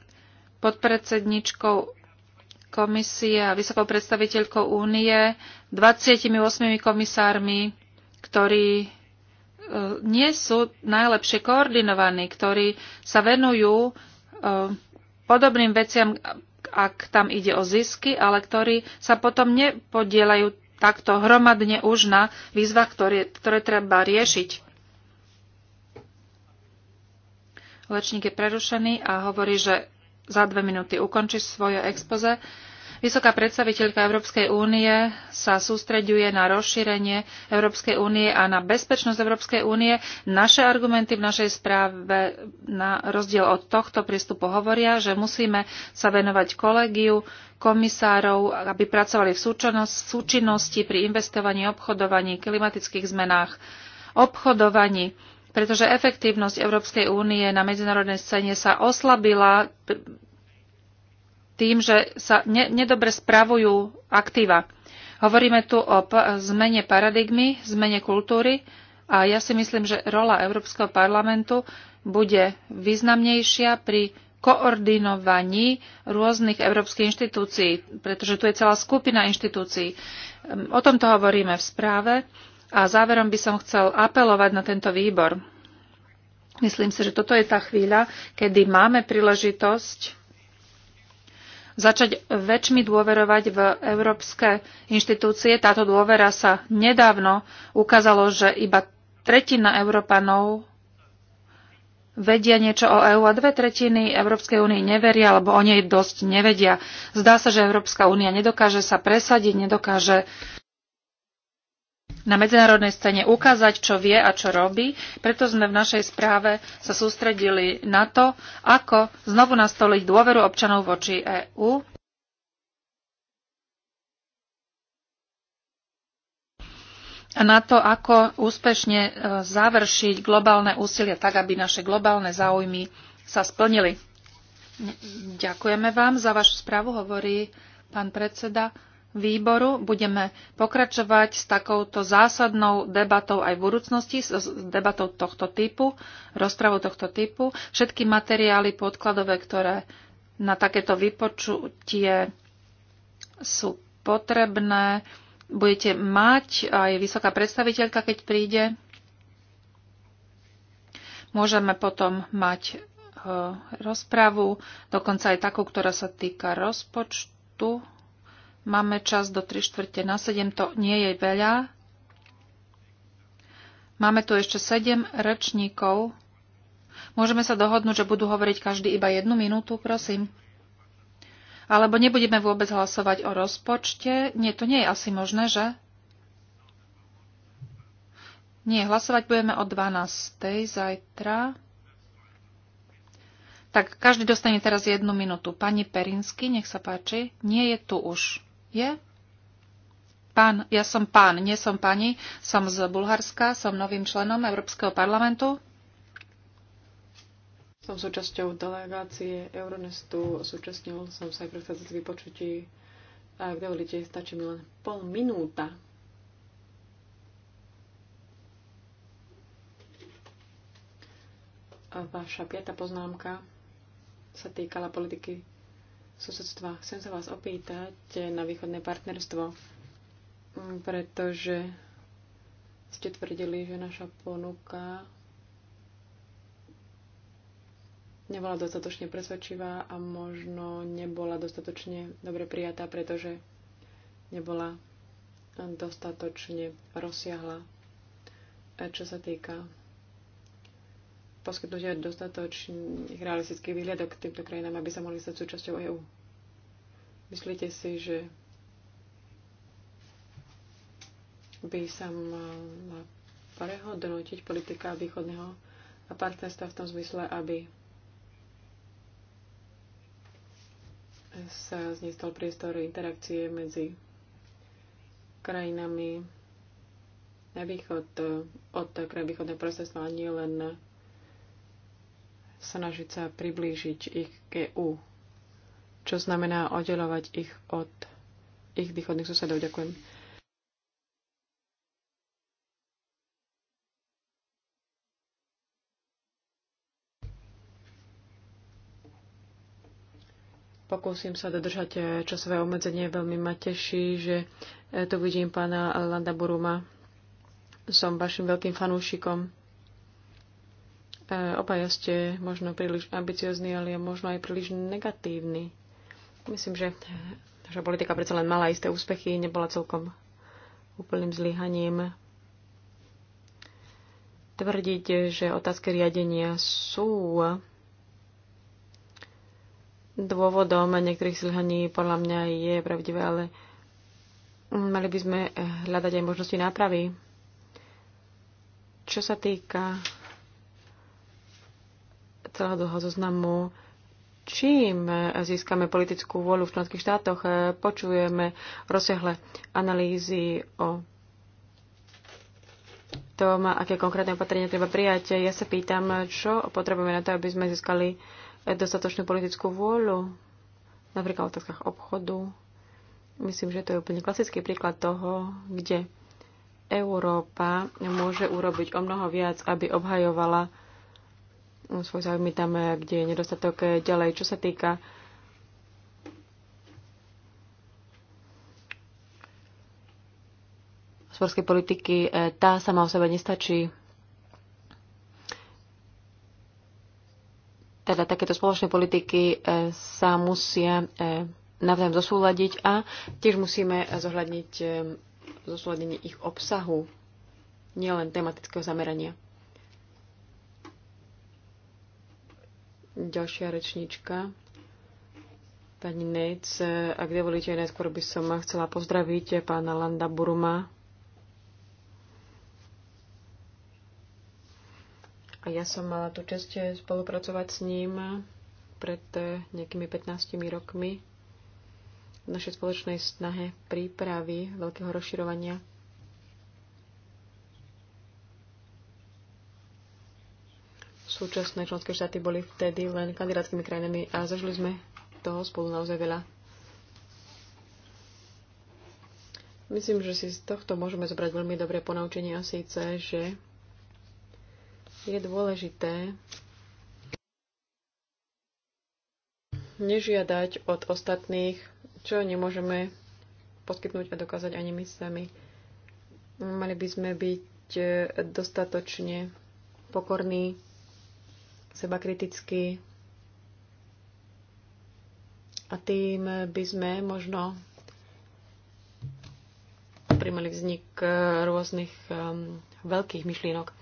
podpredsedničkou komisie a vysokou predstaviteľkou únie, 28 komisármi, ktorí e, nie sú najlepšie koordinovaní, ktorí sa venujú e, podobným veciam, ak tam ide o zisky, ale ktorí sa potom nepodielajú takto hromadne už na výzvach, ktoré, ktoré treba riešiť. Lečník je prerušený a hovorí, že za dve minúty ukončí svoje expoze. Vysoká predstaviteľka Európskej únie sa sústreďuje na rozšírenie Európskej únie a na bezpečnosť Európskej únie. Naše argumenty v našej správe na rozdiel od tohto prístupu hovoria, že musíme sa venovať kolegiu komisárov, aby pracovali v súčinnosti pri investovaní, obchodovaní, klimatických zmenách, obchodovaní pretože efektívnosť Európskej únie na medzinárodnej scéne sa oslabila tým, že sa ne, nedobre spravujú aktíva. Hovoríme tu o zmene paradigmy, zmene kultúry a ja si myslím, že rola Európskeho parlamentu bude významnejšia pri koordinovaní rôznych európskych inštitúcií, pretože tu je celá skupina inštitúcií. O tomto hovoríme v správe a záverom by som chcel apelovať na tento výbor. Myslím si, že toto je tá chvíľa, kedy máme príležitosť začať väčšmi dôverovať v európske inštitúcie. Táto dôvera sa nedávno ukázalo, že iba tretina Európanov vedia niečo o EÚ a dve tretiny Európskej únie neveria, alebo o nej dosť nevedia. Zdá sa, že Európska únia nedokáže sa presadiť, nedokáže na medzinárodnej scéne ukázať, čo vie a čo robí. Preto sme v našej správe sa sústredili na to, ako znovu nastoliť dôveru občanov voči EÚ. A na to, ako úspešne e, završiť globálne úsilie tak, aby naše globálne záujmy sa splnili. Ďakujeme vám za vašu správu, hovorí pán predseda výboru budeme pokračovať s takouto zásadnou debatou aj v budúcnosti, s debatou tohto typu, rozpravou tohto typu. Všetky materiály podkladové, ktoré na takéto vypočutie sú potrebné, budete mať aj vysoká predstaviteľka, keď príde. Môžeme potom mať eh, rozpravu, dokonca aj takú, ktorá sa týka rozpočtu Máme čas do 3 štvrte na 7, to nie je veľa. Máme tu ešte 7 rečníkov. Môžeme sa dohodnúť, že budú hovoriť každý iba jednu minútu, prosím. Alebo nebudeme vôbec hlasovať o rozpočte. Nie, to nie je asi možné, že? Nie, hlasovať budeme o 12. zajtra. Tak každý dostane teraz jednu minútu. Pani Perinsky, nech sa páči, nie je tu už je? Pán, ja som pán, nie som pani, som z Bulharska, som novým členom Európskeho parlamentu. Som súčasťou delegácie Euronestu, súčasnil som sa aj predchádzajúcich vypočutí. A ak dovolíte, stačí mi len pol minúta. A vaša piata poznámka sa týkala politiky susedstva. Chcem sa vás opýtať na východné partnerstvo, mm, pretože ste tvrdili, že naša ponuka nebola dostatočne presvedčivá a možno nebola dostatočne dobre prijatá, pretože nebola dostatočne rozsiahla, čo sa týka aj dostatočných realistických výhľadok k týmto krajinám, aby sa mohli stať súčasťou EÚ. Myslíte si, že by sa mala prehodnotiť politika východného a partnerstva v tom zmysle, aby sa z priestor interakcie medzi krajinami na východ od krajín východného procesu a nie len snažiť sa priblížiť ich k EU, čo znamená oddelovať ich od ich východných susedov. Ďakujem. Pokúsim sa dodržať eh, časové obmedzenie. Veľmi ma teší, že eh, tu vidím pána Landa Buruma. Som vašim veľkým fanúšikom. Obaja ste možno príliš ambiciozní, ale možno aj príliš negatívni. Myslím, že naša politika predsa len mala isté úspechy, nebola celkom úplným zlyhaním. Tvrdiť, že otázky riadenia sú dôvodom niektorých zlyhaní, podľa mňa je pravdivé, ale mali by sme hľadať aj možnosti nápravy. Čo sa týka celého dlho zoznamu, čím získame politickú vôľu v členských štátoch, e, počujeme rozsiahle analýzy o tom, aké konkrétne opatrenia treba prijať. Ja sa pýtam, čo potrebujeme na to, aby sme získali dostatočnú politickú vôľu, napríklad v otázkach obchodu. Myslím, že to je úplne klasický príklad toho, kde Európa môže urobiť o mnoho viac, aby obhajovala No, svoj záujmy tam, kde je nedostatok eh, ďalej. Čo sa týka hospodárskej politiky, eh, tá sama o sebe nestačí. Teda takéto spoločné politiky eh, sa musia navzájom zosúľadiť a tiež musíme zohľadniť zosúladenie ich obsahu, nielen tematického zamerania. Ďalšia rečníčka. Pani Nec, ak dovolíte, najskôr by som chcela pozdraviť pána Landa Buruma. A ja som mala tu čest spolupracovať s ním pred nejakými 15 rokmi v našej spoločnej snahe prípravy veľkého rozširovania Súčasné členské štáty boli vtedy len kandidátskymi krajinami a zažili sme toho spolu naozaj veľa. Myslím, že si z tohto môžeme zobrať veľmi dobré ponaučenie a síce, že je dôležité nežiadať od ostatných, čo nemôžeme poskytnúť a dokázať ani my sami. Mali by sme byť e, dostatočne pokorní seba kriticky. A tým by sme možno primali vznik eh, rôznych um, veľkých myšlienok.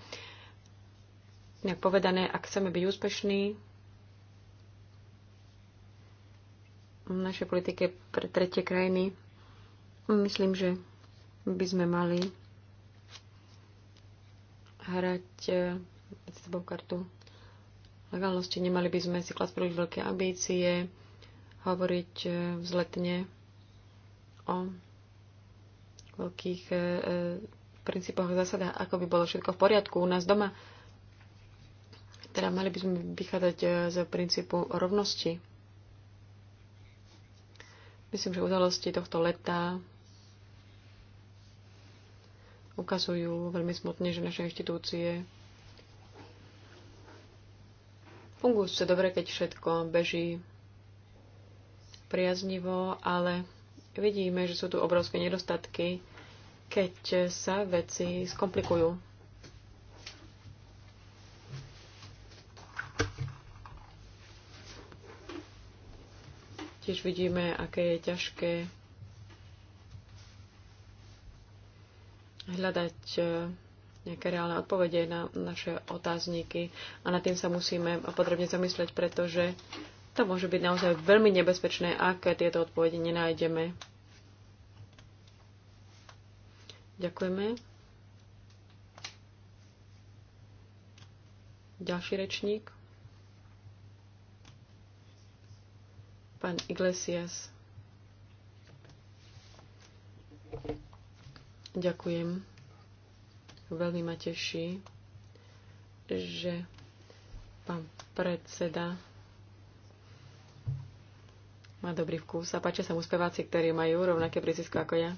Nejak povedané, ak chceme byť úspešní, v našej politike pre tretie krajiny, myslím, že by sme mali hrať eh, s sebou kartu legálnosti. Nemali by sme si klasť príliš veľké ambície, hovoriť e, vzletne o veľkých e, e, princípoch a zásadách, ako by bolo všetko v poriadku u nás doma. Teda mali by sme vychádzať z princípu rovnosti. Myslím, že udalosti tohto leta ukazujú veľmi smutne, že naše inštitúcie Funguje sa dobre, keď všetko beží priaznivo, ale vidíme, že sú tu obrovské nedostatky, keď sa veci skomplikujú. Tiež vidíme, aké je ťažké hľadať eh, nejaké reálne odpovede na naše otázniky a nad tým sa musíme podrobne zamyslieť, pretože to môže byť naozaj veľmi nebezpečné, ak tieto odpovede nenájdeme. Ďakujeme. Ďalší rečník. Pán Iglesias. Ďakujem. Veľmi ma teší, že pán predseda má dobrý vkus a páčia sa mu speváci, ktorí majú rovnaké prízisko ako ja.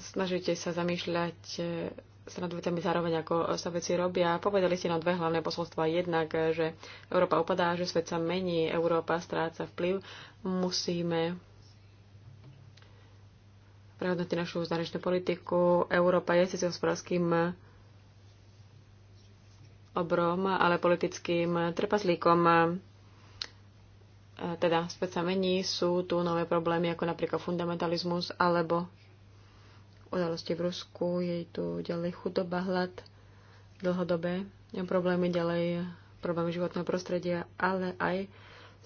Snažite sa zamýšľať e, sa nad vecami zároveň, ako sa veci robia. Povedali ste nám dve hlavné posolstva. Jednak, e, že Európa upadá, že svet sa mení, Európa stráca vplyv. Musíme prehodnotí našu zahraničnú politiku. Európa je síce hospodárským obrom, ale politickým trpaslíkom. Teda späť sa mení, sú tu nové problémy, ako napríklad fundamentalizmus alebo udalosti v Rusku, je tu ďalej chudoba, hlad, dlhodobé problémy, ďalej problémy životného prostredia, ale aj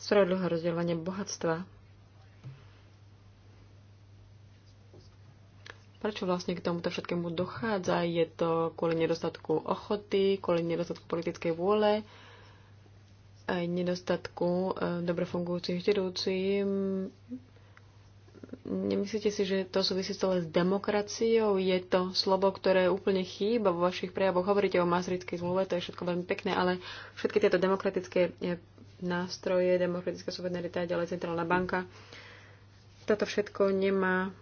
spravodlivé rozdeľovanie bohatstva Prečo vlastne k tomuto všetkému dochádza? Je to kvôli nedostatku ochoty, kvôli nedostatku politickej vôle, aj nedostatku e, dobre fungujúcich inštitúcií. Nemyslíte si, že to súvisí celé s demokraciou? Je to slovo, ktoré úplne chýba vo vašich prejavoch. Hovoríte o masrickej zmluve, to je všetko veľmi pekné, ale všetky tieto demokratické e, nástroje, demokratická suverenita, ďalej centrálna banka, toto všetko nemá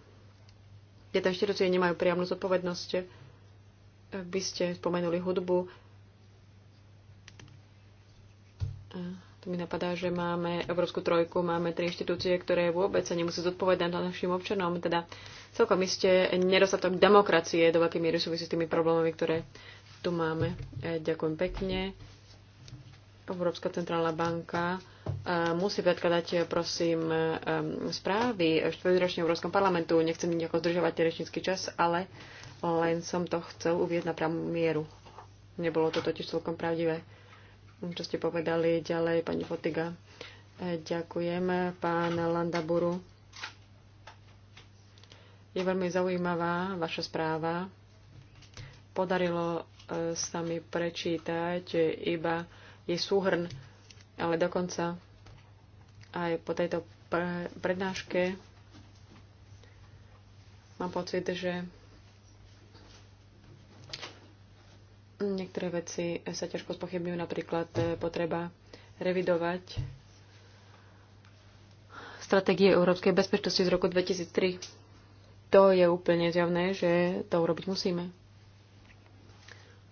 kde tie inštitúcie nemajú priamnu zodpovednosť. By ste spomenuli hudbu. To mi napadá, že máme Európsku trojku, máme tri inštitúcie, ktoré vôbec sa nemusí zodpovedať na našim občanom. Teda celkom iste nedostatok demokracie, do veľkej miery súvisí s tými problémami, ktoré tu máme. E, ďakujem pekne. Európska centrálna banka eh, musí predkladať, eh, prosím, eh, správy štvrťročne Európskom parlamentu. Nechcem nejako zdržovať rečnícky čas, ale len som to chcel uvieť na pravú mieru. Nebolo to totiž celkom pravdivé, čo ste povedali ďalej, pani Fotiga. Ďakujem, pán Landaburu. Je veľmi zaujímavá vaša správa. Podarilo sa mi prečítať iba je súhrn, ale dokonca aj po tejto prednáške mám pocit, že niektoré veci sa ťažko spochybňujú, napríklad eh, potreba revidovať stratégie európskej bezpečnosti z roku 2003. To je úplne zjavné, že to urobiť musíme.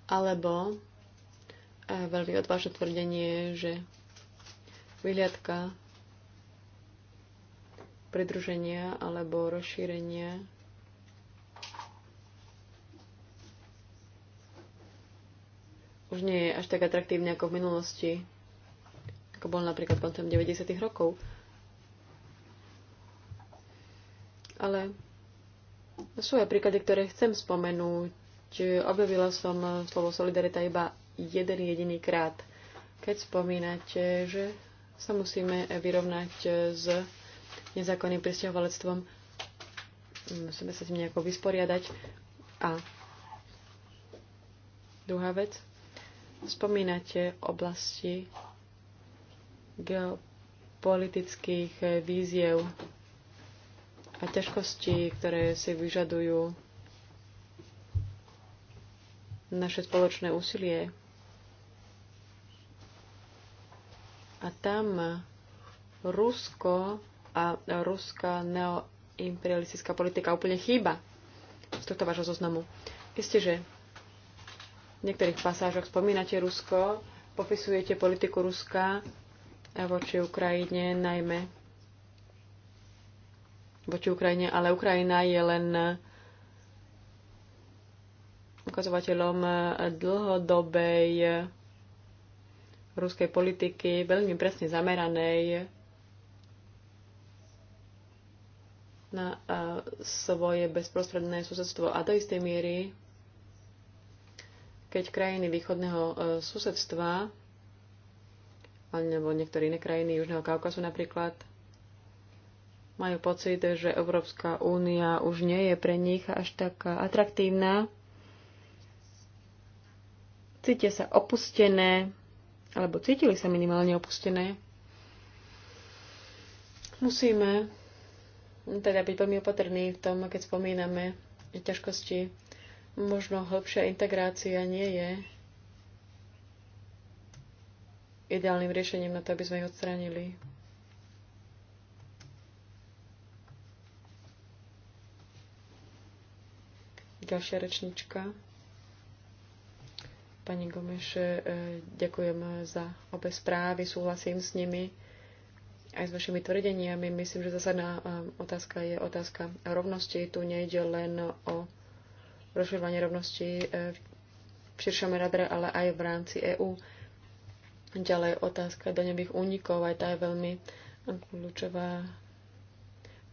Alebo veľmi odvážne tvrdenie, že vyhliadka pridruženia alebo rozšírenia už nie je až tak atraktívne ako v minulosti, ako bol napríklad koncom 90. rokov. Ale sú aj príklady, ktoré chcem spomenúť. Objavila som slovo solidarita iba jeden jediný krát, keď spomínate, že sa musíme vyrovnať e, s nezákonným pristahovalectvom. Musíme sa s tým nejako vysporiadať. A druhá vec. Spomínate oblasti geopolitických e, víziev a ťažkosti, ktoré si vyžadujú naše spoločné úsilie A tam Rusko a ruská neoimperialistická politika úplne chýba z tohto vášho zoznamu. Isté, že v niektorých pasážoch spomínate Rusko, popisujete politiku Ruska voči Ukrajine najmä voči Ukrajine, ale Ukrajina je len ukazovateľom dlhodobej ruskej politiky, veľmi presne zameranej na svoje bezprostredné susedstvo. A do istej miery, keď krajiny východného e, susedstva, alebo niektoré iné krajiny Južného Kaukasu napríklad, majú pocit, že Európska únia už nie je pre nich až tak atraktívna. Cítia sa opustené, alebo cítili sa minimálne opustené. Musíme teda byť veľmi opatrní v tom, keď spomíname ťažkosti. Možno hĺbšia integrácia nie je ideálnym riešením na to, aby sme ich odstránili. Ďalšia rečnička. Pani Gomeš, e, ďakujem za obe správy, súhlasím s nimi aj s vašimi tvrdeniami. Myslím, že zásadná e, otázka je otázka rovnosti. Tu nejde len o rozširovanie rovnosti e, v širšom radre, ale aj v rámci EÚ. Ďalej otázka daňových únikov, aj tá je veľmi kľúčová.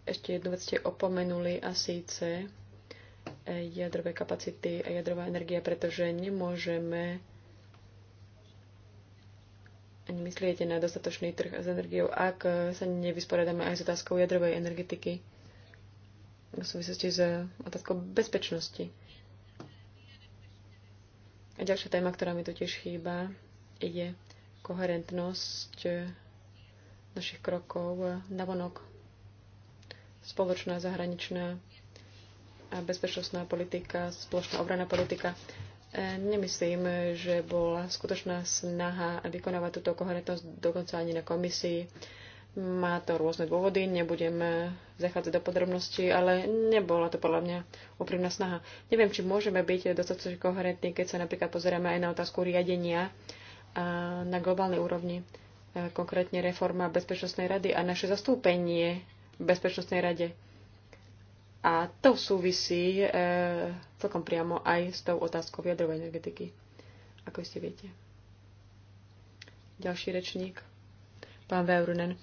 Ešte jednu vec ste opomenuli a síce jadrové kapacity a jadrová energia, pretože nemôžeme ani myslíte na dostatočný trh s energiou, ak sa nevysporiadame aj s otázkou jadrovej energetiky v súvislosti s otázkou bezpečnosti. A ďalšia téma, ktorá mi tu tiež chýba, je koherentnosť našich krokov na vonok. Spoločná zahraničná bezpečnostná politika, spoločná obranná politika. E, nemyslím, že bola skutočná snaha vykonávať túto koherentnosť dokonca ani na komisii. Má to rôzne dôvody, nebudem zachádzať do podrobností, ale nebola to podľa mňa úprimná snaha. Neviem, či môžeme byť dostatočne koherentní, keď sa napríklad pozeráme aj na otázku riadenia e, na globálnej úrovni, e, konkrétne reforma Bezpečnostnej rady a naše zastúpenie v Bezpečnostnej rade a to súvisí e, celkom priamo aj s tou otázkou jadrovej energetiky, ako ste viete. Ďalší rečník, pán Veurunen.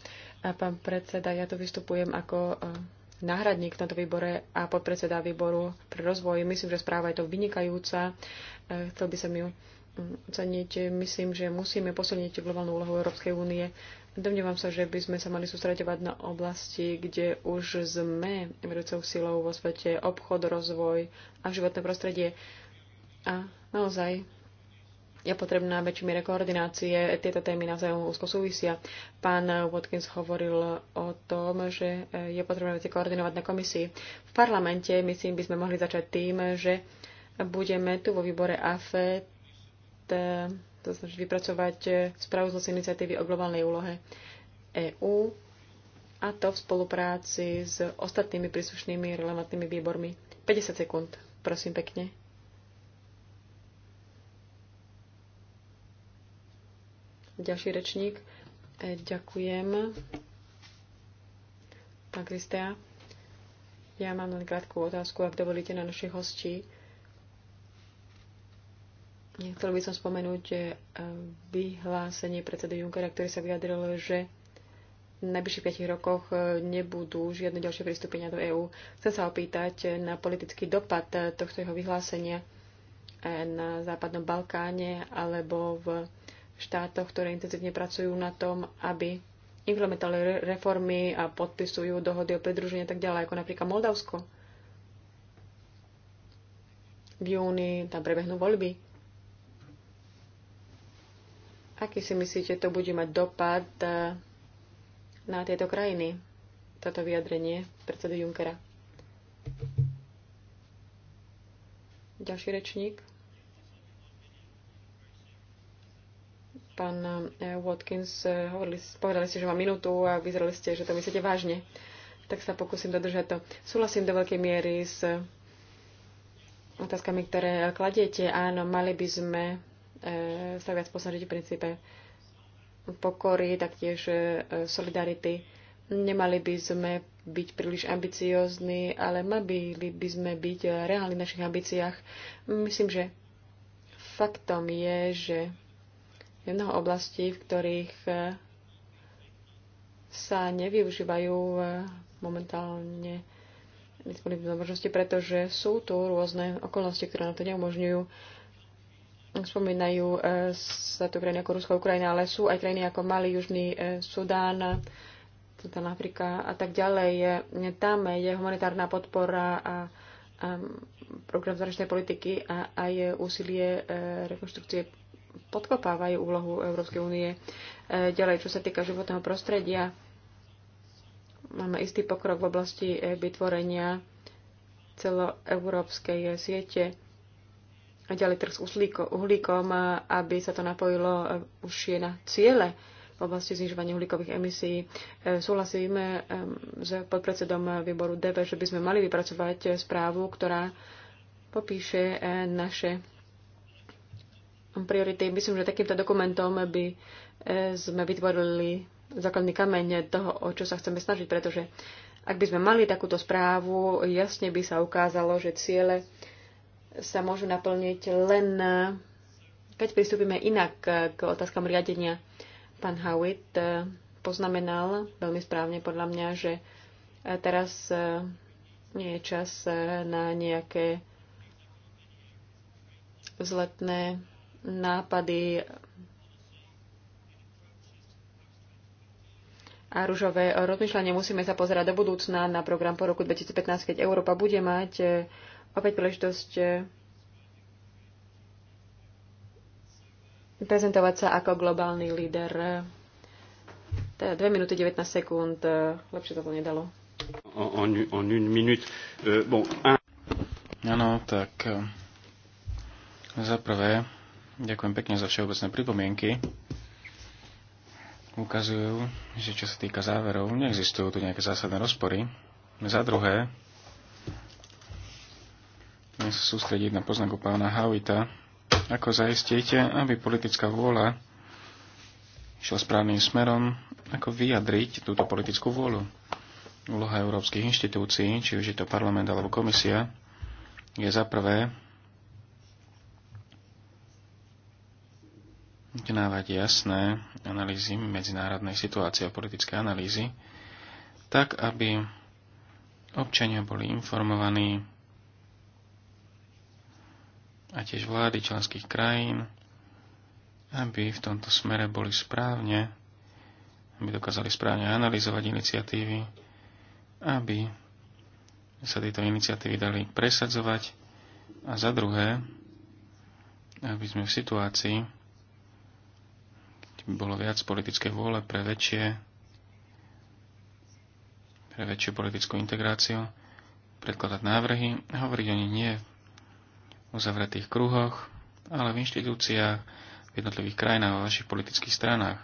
A pán predseda, ja tu vystupujem ako e, náhradník na to výbore a podpredseda výboru pre rozvoj. Myslím, že správa je to vynikajúca. E, chcel by som ju mm, oceniť. Myslím, že musíme posilniť globálnu úlohu Európskej únie Domnievam sa, že by sme sa mali sústredovať na oblasti, kde už sme vedúcou silou vo svete obchod, rozvoj a životné prostredie. A naozaj je potrebná väčšia miera koordinácie. Tieto témy navzájom úzko súvisia. Pán Watkins hovoril o tom, že je potrebné veci koordinovať na komisii. V parlamente, myslím, by sme mohli začať tým, že budeme tu vo výbore AFET to znamená vypracovať e, správu z iniciatívy o globálnej úlohe EÚ a to v spolupráci s ostatnými príslušnými relevantnými výbormi. 50 sekúnd, prosím pekne. Ďalší rečník. E, ďakujem. Pán Kristea, ja mám len krátku otázku, ak dovolíte na našich hostí. Chcel by som spomenúť eh, vyhlásenie predsedy Junckera, ktorý sa vyjadril, že v najbližších 5 rokoch eh, nebudú žiadne ďalšie pristúpenia do EÚ. Chcem sa opýtať eh, na politický dopad tohto jeho vyhlásenia na Západnom Balkáne alebo v štátoch, ktoré intenzívne pracujú na tom, aby implementovali reformy a podpisujú dohody o pridružení a tak ďalej, ako napríklad Moldavsko. V júni tam prebehnú voľby Aký si myslíte, to bude mať dopad e, na tieto krajiny? Toto vyjadrenie predsedu Junckera. Ďalší rečník. Pán e, Watkins, e, hovorili, povedali ste, že má minútu a vyzerali ste, že to myslíte vážne. Tak sa pokúsim dodržať to. Súhlasím do veľkej miery s otázkami, ktoré kladiete. Áno, mali by sme E, sa viac posadiť v princípe pokory, taktiež e, solidarity. Nemali by sme byť príliš ambiciózni, ale mali by sme byť reálni v našich ambíciách. Myslím, že faktom je, že je mnoho oblastí, v ktorých e, sa nevyužívajú momentálne disponibilné možnosti, pretože sú tu rôzne okolnosti, ktoré nám to neumožňujú Spomínajú e, sa tu krajiny ako Rusko, Ukrajina, ale sú aj krajiny ako Mali, Južný e, Sudán, Centrálna Afrika a tak ďalej. E, tam je humanitárna podpora a, a program zahraničnej politiky a aj úsilie rekonštrukcie podkopávajú úlohu Európskej únie. Ďalej, čo sa týka životného prostredia, máme istý pokrok v oblasti vytvorenia celoeurópskej siete a ďalej trh s uhlíkom, aby sa to napojilo e, už je na ciele v oblasti znižovania uhlíkových emisí. E, Súhlasíme s podpredsedom výboru DB, že by sme mali vypracovať e, správu, ktorá popíše naše priority. Myslím, že takýmto dokumentom by sme vytvorili základný kameň toho, o čo sa chceme snažiť, pretože ak by sme mali takúto správu, jasne by sa ukázalo, že ciele sa môžu naplniť len e, keď pristúpime inak k otázkam riadenia. Pán Howitt e, poznamenal veľmi správne podľa mňa, že e, teraz nie je čas na nejaké vzletné nápady a rúžové rozmýšľanie. Musíme sa pozerať do budúcna na program po roku 2015, keď Európa bude mať opäť príležitosť eh, prezentovať sa ako globálny líder. Teda 2 minúty 19 sekúnd, eh, lepšie to to nedalo. On, en une minute. Euh, bon, Áno, tak eh, za prvé ďakujem pekne za všeobecné pripomienky. Ukazujú, že čo sa týka záverov, neexistujú tu nejaké zásadné rozpory. Za druhé, Chcem sa sústrediť na poznámku pána Hawita. Ako zaistíte, aby politická vôľa išla správnym smerom, ako vyjadriť túto politickú vôľu? Úloha európskych inštitúcií, či už je to parlament alebo komisia, je za prvé dávať jasné analýzy medzinárodnej situácie a politické analýzy, tak aby občania boli informovaní a tiež vlády členských krajín, aby v tomto smere boli správne, aby dokázali správne analyzovať iniciatívy, aby sa tieto iniciatívy dali presadzovať a za druhé, aby sme v situácii, kde by bolo viac politické vôle pre väčšie, pre väčšiu politickú integráciu, predkladať návrhy a hovoriť o nich nie uzavretých kruhoch, ale v inštitúciách, v jednotlivých krajinách, vo vašich politických stranách.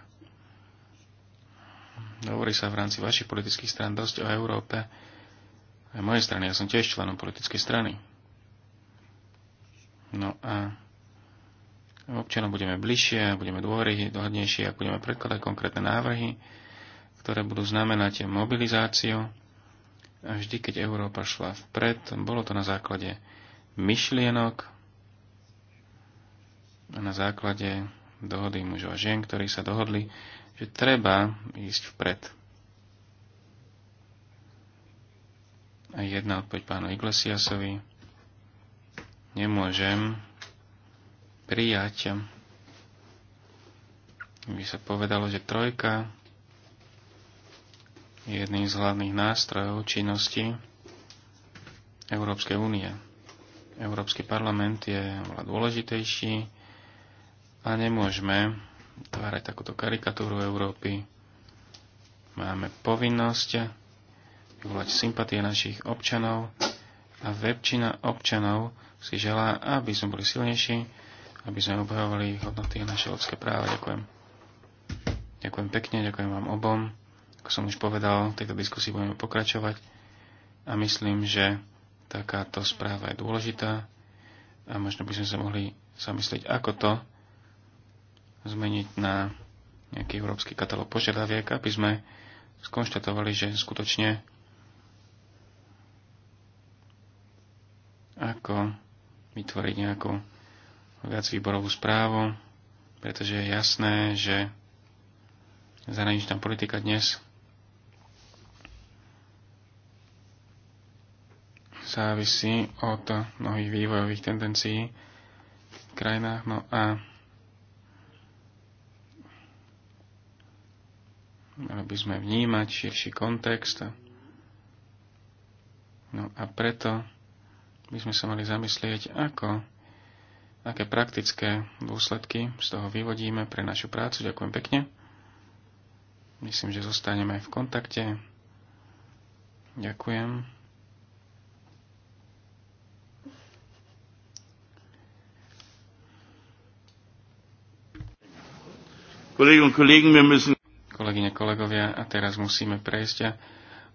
Hovorí sa v rámci vašich politických stran dosť o Európe. Aj mojej strany, ja som tiež členom politickej strany. No a občanom budeme bližšie, budeme dohodnejšie, a budeme predkladať konkrétne návrhy, ktoré budú znamenať mobilizáciu. A vždy, keď Európa šla vpred, bolo to na základe myšlienok a na základe dohody mužov a žien, ktorí sa dohodli, že treba ísť vpred. A jedna odpoveď pánu Iglesiasovi. Nemôžem prijať. By sa povedalo, že trojka je jedným z hlavných nástrojov činnosti Európskej únie. Európsky parlament je oveľa dôležitejší a nemôžeme tvárať takúto karikatúru Európy. Máme povinnosť vyvolať sympatie našich občanov a väčšina občanov si želá, aby sme boli silnejší, aby sme obhajovali hodnoty a naše ľudské práva. Ďakujem. Ďakujem pekne, ďakujem vám obom. Ako som už povedal, v tejto diskusii budeme pokračovať a myslím, že Takáto správa je dôležitá a možno by sme sa mohli zamyslieť, ako to zmeniť na nejaký európsky katalóg požiadaviek, aby sme skonštatovali, že skutočne ako vytvoriť nejakú viac výborovú správu, pretože je jasné, že zahraničná politika dnes závisí od mnohých vývojových tendencií v krajinách. No a mali by sme vnímať širší kontext. No a preto by sme sa mali zamyslieť, ako, aké praktické dôsledky z toho vyvodíme pre našu prácu. Ďakujem pekne. Myslím, že zostaneme v kontakte. Ďakujem. Kolegyne, kolegovia, a teraz musíme prejsť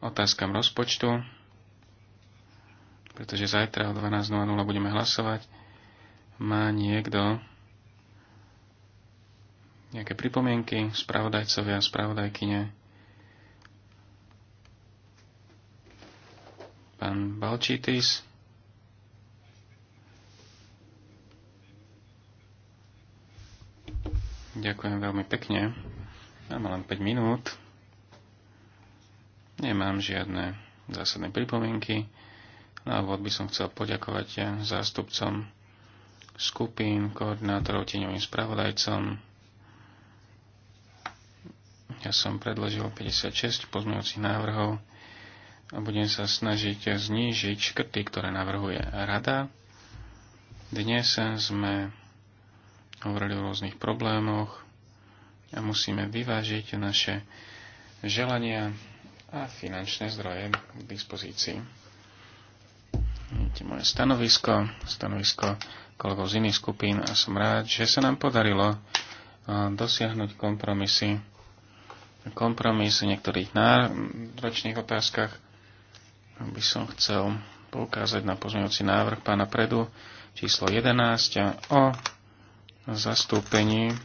otázkam rozpočtu, pretože zajtra o 12.00 budeme hlasovať. Má niekto nejaké pripomienky, spravodajcovia, spravodajkyne? Pán Balčítis? Ďakujem veľmi pekne. Mám len 5 minút. Nemám žiadne zásadné pripomienky. Na úvod by som chcel poďakovať zástupcom skupín, koordinátorov, tieňovým spravodajcom. Ja som predložil 56 pozmeňujúcich návrhov a budem sa snažiť znížiť škrty, ktoré navrhuje rada. Dnes sme hovorili o rôznych problémoch a musíme vyvážiť naše želania a finančné zdroje k dispozícii. Vidíte moje stanovisko, stanovisko kolegov z iných skupín a som rád, že sa nám podarilo dosiahnuť kompromisy, kompromis v niektorých náročných otázkach. By som chcel poukázať na pozmeňujúci návrh pána Predu číslo 11 o zastúpení.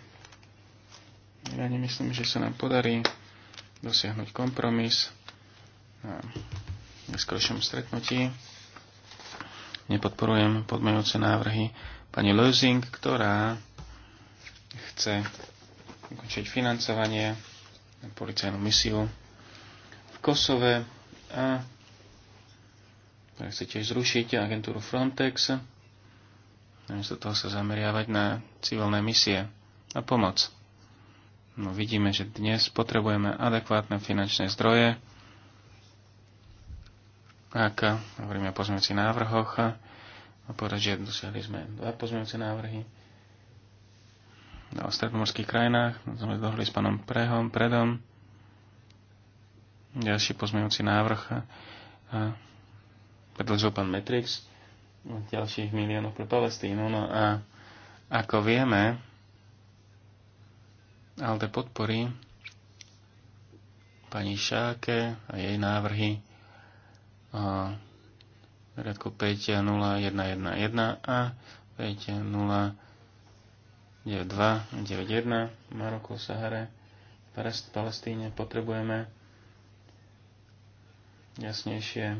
Ja nemyslím, že sa nám podarí dosiahnuť kompromis na neskôršom stretnutí. Nepodporujem podmajúce návrhy pani Lozing, ktorá chce ukončiť financovanie na policajnú misiu v Kosove a chce tiež zrušiť agentúru Frontex namiesto toho sa zameriavať na civilné misie a pomoc. No vidíme, že dnes potrebujeme adekvátne finančné zdroje. Ak hovoríme o pozmeňujúcich návrhoch, a povedať, že dosiahli sme dva pozmeňujúce návrhy o stredomorských krajinách, sme dohli s pánom Prehom, Predom, ďalší pozmeňujúci návrh a predložil pán Metrix, ďalších miliónov pre Palestínu. No a ako vieme, ale podpory pani Šáke a jej návrhy a riadku 50111 a 5.0.92.91 Maroko, Sahare, Palestíne potrebujeme jasnejšie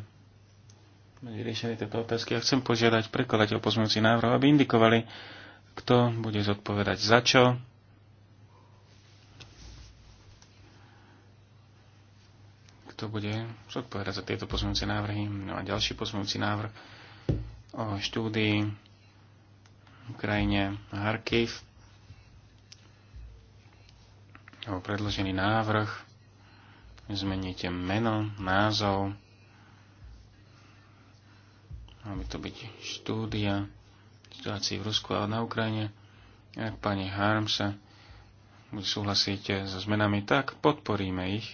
riešenie tejto otázky. Ja chcem požiadať o pozmeňujúci návrh, aby indikovali, kto bude zodpovedať za čo. Kto bude zodpovedať za tieto pozmeňujúce návrhy. No a ďalší pozmeňujúci návrh o štúdii v krajine Harkiv. O predložený návrh zmeníte meno, názov, Mala by to byť štúdia situácii v Rusku a na Ukrajine. Ak pani Harmsa bude súhlasiť so zmenami, tak podporíme ich.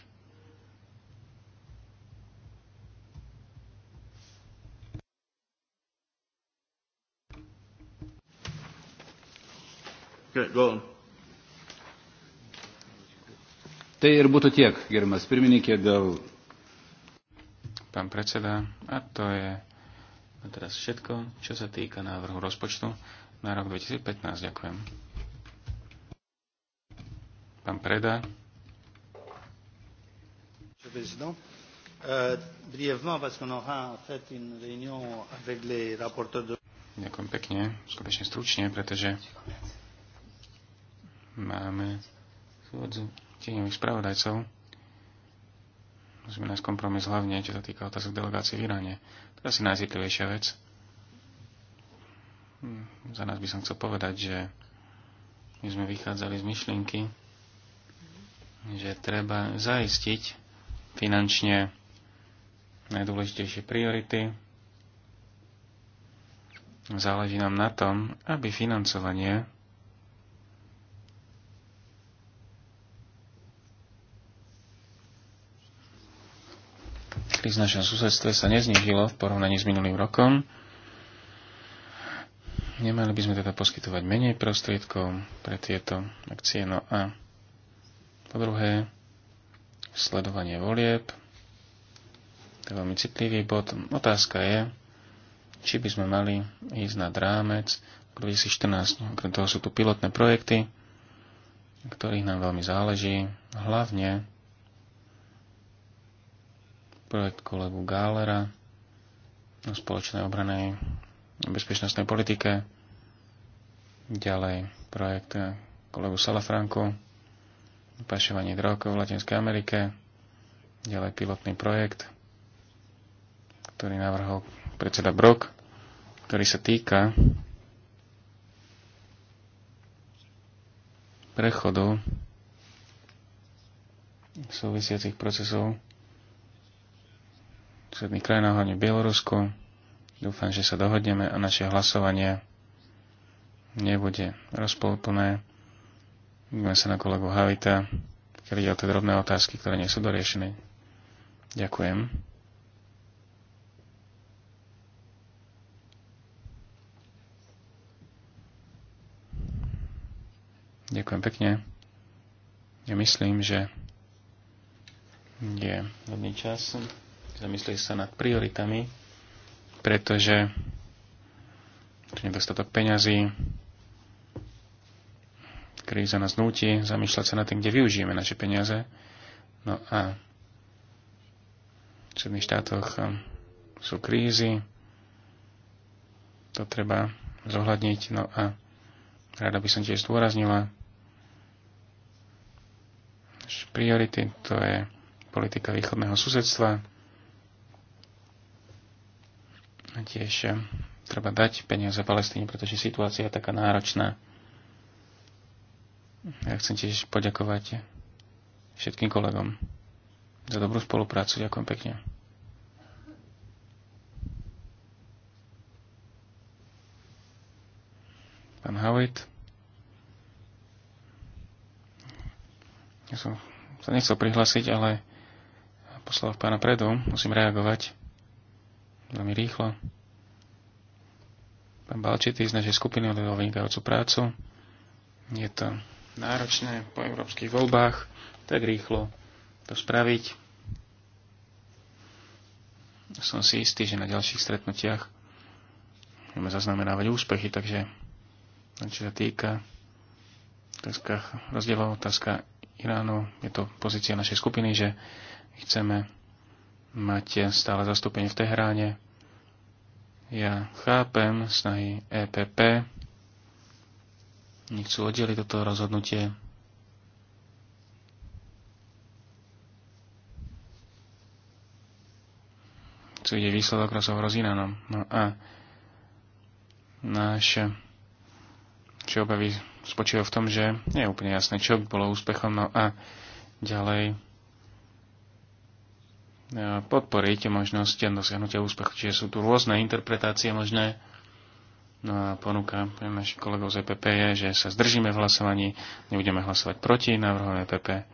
Tai ir būtų tiek, gerbiamas pirmininkė, dėl. Pán predseda, a to je a teraz všetko, čo sa týka návrhu rozpočtu na rok 2015. Ďakujem. Pán Preda. Euh, Ďakujem pekne, skutočne stručne, pretože máme schôdzu tieňových spravodajcov Musíme nájsť kompromis hlavne, čo sa týka otázok delegácie v Iráne. To je asi najzitlivejšia vec. Hm, za nás by som chcel povedať, že my sme vychádzali z myšlienky, že treba zaistiť finančne najdôležitejšie priority. Záleží nám na tom, aby financovanie kríz v našom susedstve sa neznižilo v porovnaní s minulým rokom. Nemali by sme teda poskytovať menej prostriedkov pre tieto akcie. No a po druhé, sledovanie volieb. To je veľmi citlivý bod. Otázka je, či by sme mali ísť na drámec k 2014. Okrem toho sú tu pilotné projekty, ktorých nám veľmi záleží, hlavne projekt kolegu Gálera o spoločnej obranej bezpečnostnej politike, ďalej projekt kolegu Salafranku, pašovanie drogov v Latinskej Amerike, ďalej pilotný projekt, ktorý navrhol predseda Brok, ktorý sa týka prechodu súvisiacich procesov susedných krajinách, hlavne v Bielorusku. Dúfam, že sa dohodneme a naše hlasovanie nebude rozpolplné. Dívam sa na kolegu Havita, keď ide o tie drobné otázky, ktoré nie sú doriešené. Ďakujem. Ďakujem pekne. Ja myslím, že je hodný čas zamyslieť teda sa nad prioritami, pretože tu nedostatok peňazí, kríza nás nutí zamýšľať sa nad tým, kde využijeme naše peniaze. No a v Sredných štátoch um, sú krízy, to treba zohľadniť. No a rada by som tiež zdôraznila, priority, to je politika východného susedstva, Tiež eh, treba dať peniaze Palestíne, pretože situácia je taká náročná. Ja chcem tiež poďakovať všetkým kolegom za dobrú spoluprácu. Ďakujem pekne. Pán Howitt. Ja som sa nechcel prihlásiť, ale poslal pána predu. Musím reagovať veľmi rýchlo. Pán Balčitý z našej skupiny odvedol vynikajúcu prácu. Je to náročné po európskych voľbách tak rýchlo to spraviť. Som si istý, že na ďalších stretnutiach budeme zaznamenávať úspechy, takže čo sa týka rozdielov, otázka Iránu, je to pozícia našej skupiny, že chceme mať stále zastúpenie v Tehráne, ja chápem snahy EPP, nechcú oddeliť toto rozhodnutie. Chcú ide výsledok rozhovoru s Iránom. No a náš čo obavy spočíva v tom, že nie je úplne jasné, čo bolo úspechom, no a ďalej E, podporiť možnosť dosiahnutia úspechu. Čiže sú tu rôzne interpretácie možné. No a ponuka pre našich kolegov z EPP je, že sa zdržíme v hlasovaní, nebudeme hlasovať proti návrhu EPP.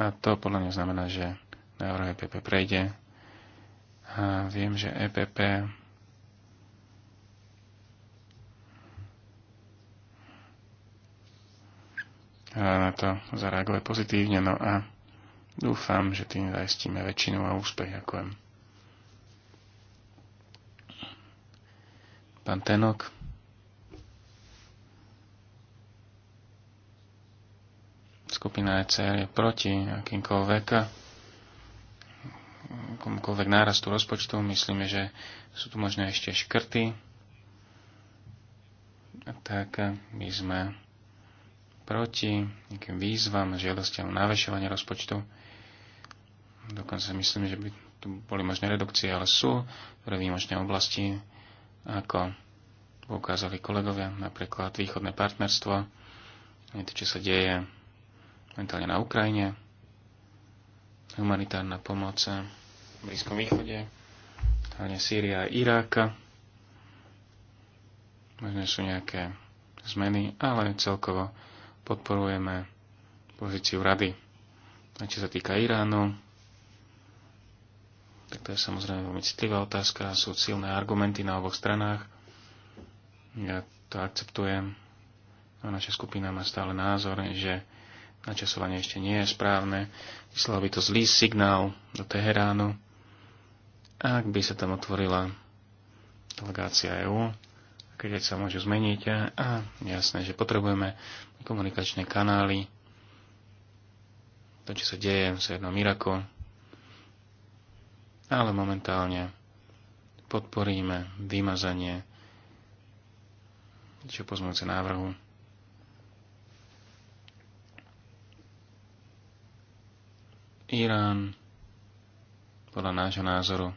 A to podľa mňa znamená, že návrh EPP prejde. A viem, že EPP a na to zareaguje pozitívne. No a Dúfam, že tým zajistíme väčšinu a úspech. Ďakujem. Pán Tenok. Skupina ECR je proti akýmkoľvek akomkoľvek nárastu rozpočtu. Myslíme, že sú tu možné ešte škrty. A Tak my sme proti nejakým výzvam, žiadostiam navyšovania rozpočtu Dokonca myslím, že by tu boli možné redukcie, ale sú pre výmočné oblasti, ako ukázali kolegovia, napríklad východné partnerstvo, to, čo sa deje momentálne na Ukrajine, humanitárna pomoc v Blízkom východe, hlavne Sýria a Iráka. Možno sú nejaké zmeny, ale celkovo podporujeme pozíciu rady. A čo sa týka Iránu, tak to je samozrejme veľmi citlivá otázka. Sú silné argumenty na oboch stranách. Ja to akceptujem. A naša skupina má stále názor, že načasovanie ešte nie je správne. Vyslal by to zlý signál do Teheránu. Ak by sa tam otvorila delegácia EÚ, keď sa môžu zmeniť a jasné, že potrebujeme komunikačné kanály, to, čo sa deje v Severnom Iraku, ale momentálne podporíme vymazanie čo pozmúce návrhu. Irán podľa nášho názoru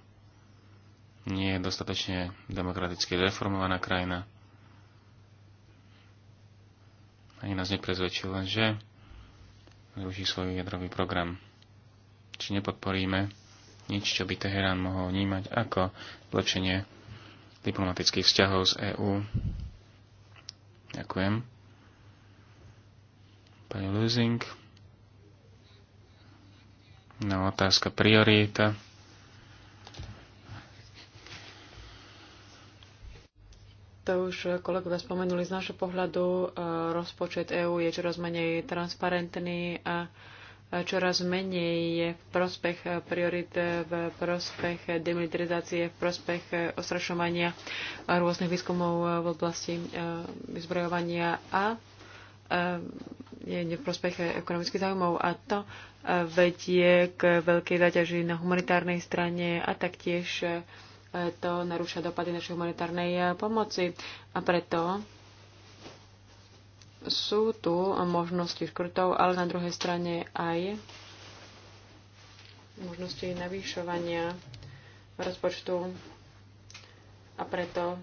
nie je dostatočne demokraticky reformovaná krajina. Ani nás neprezvedčila, že zruší svoj jadrový program. Či nepodporíme nič, čo by Teherán mohol vnímať ako zlepšenie diplomatických vzťahov z EÚ. Ďakujem. Pani Lusing. No, otázka priorita. To už kolegovia spomenuli z nášho pohľadu, eh, rozpočet EÚ je čoraz menej transparentný a čoraz menej je v prospech priorit, v prospech demilitarizácie, v prospech ostrašovania rôznych výskumov v oblasti e, vyzbrojovania a e, je prospech ekonomických záujmov a to e, vedie k veľkej záťaži na humanitárnej strane a taktiež to narúša dopady našej humanitárnej pomoci. A preto sú tu možnosti škrtov, ale na druhej strane aj možnosti navýšovania rozpočtu a preto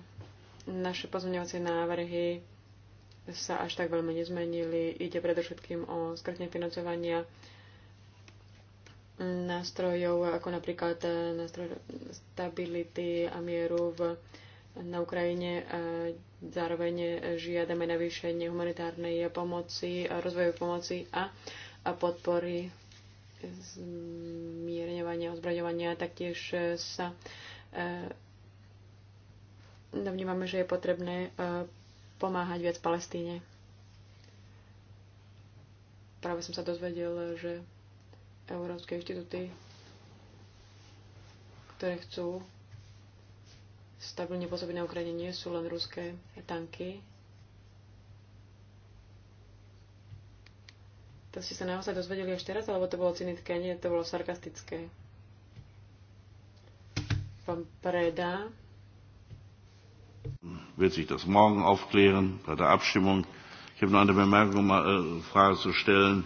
naše pozmeňovacie návrhy sa až tak veľmi nezmenili. Ide predovšetkým o skrtne financovania nástrojov, ako napríklad nástroj stability a mieru v na Ukrajine. E, zároveň žiadame navýšenie humanitárnej pomoci, rozvojovej pomoci a, a podpory zmierňovania, ozbraňovania. Taktiež e, sa e, domnívame, že je potrebné pomáhať viac Palestíne. Práve som sa dozvedel, že európske inštitúty, ktoré chcú stabilne pôsobí na Ukrajine, nie sú len ruské tanky. To ste sa naozaj dozvedeli až teraz, alebo to bolo cynické? Nie, to bolo sarkastické. Pán Preda. Wird sich das morgen aufklären bei der Abstimmung. Ich habe noch eine Bemerkung, um eine äh, Frage zu stellen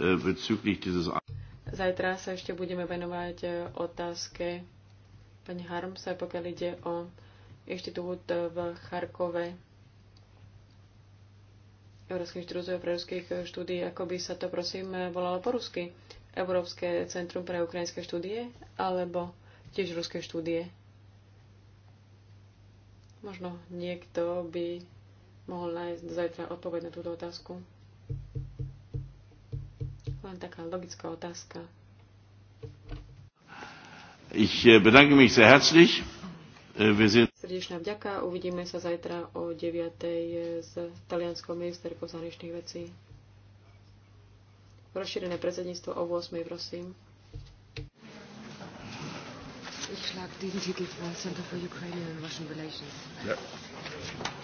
äh, bezüglich dieses. Zajtra sa ešte budeme venovať äh, otázke pani Harms, pokiaľ ide o inštitút v Charkove, Európske inštitút pre ruských štúdí, ako by sa to prosím volalo po rusky? Európske centrum pre ukrajinské štúdie alebo tiež ruské štúdie? Možno niekto by mohol nájsť zajtra odpoveď na túto otázku. Len taká logická otázka. Ich äh, bedanke mich sehr herzlich. Äh, Srdečná vďaka. Uvidíme sa zajtra o 9. E, s talianskou ministerkou zahraničných vecí. Rozšírené predsedníctvo o 8. prosím. Ich schlage diesen Titel vor, Center for Ukrainian and Russian Relations. Ja.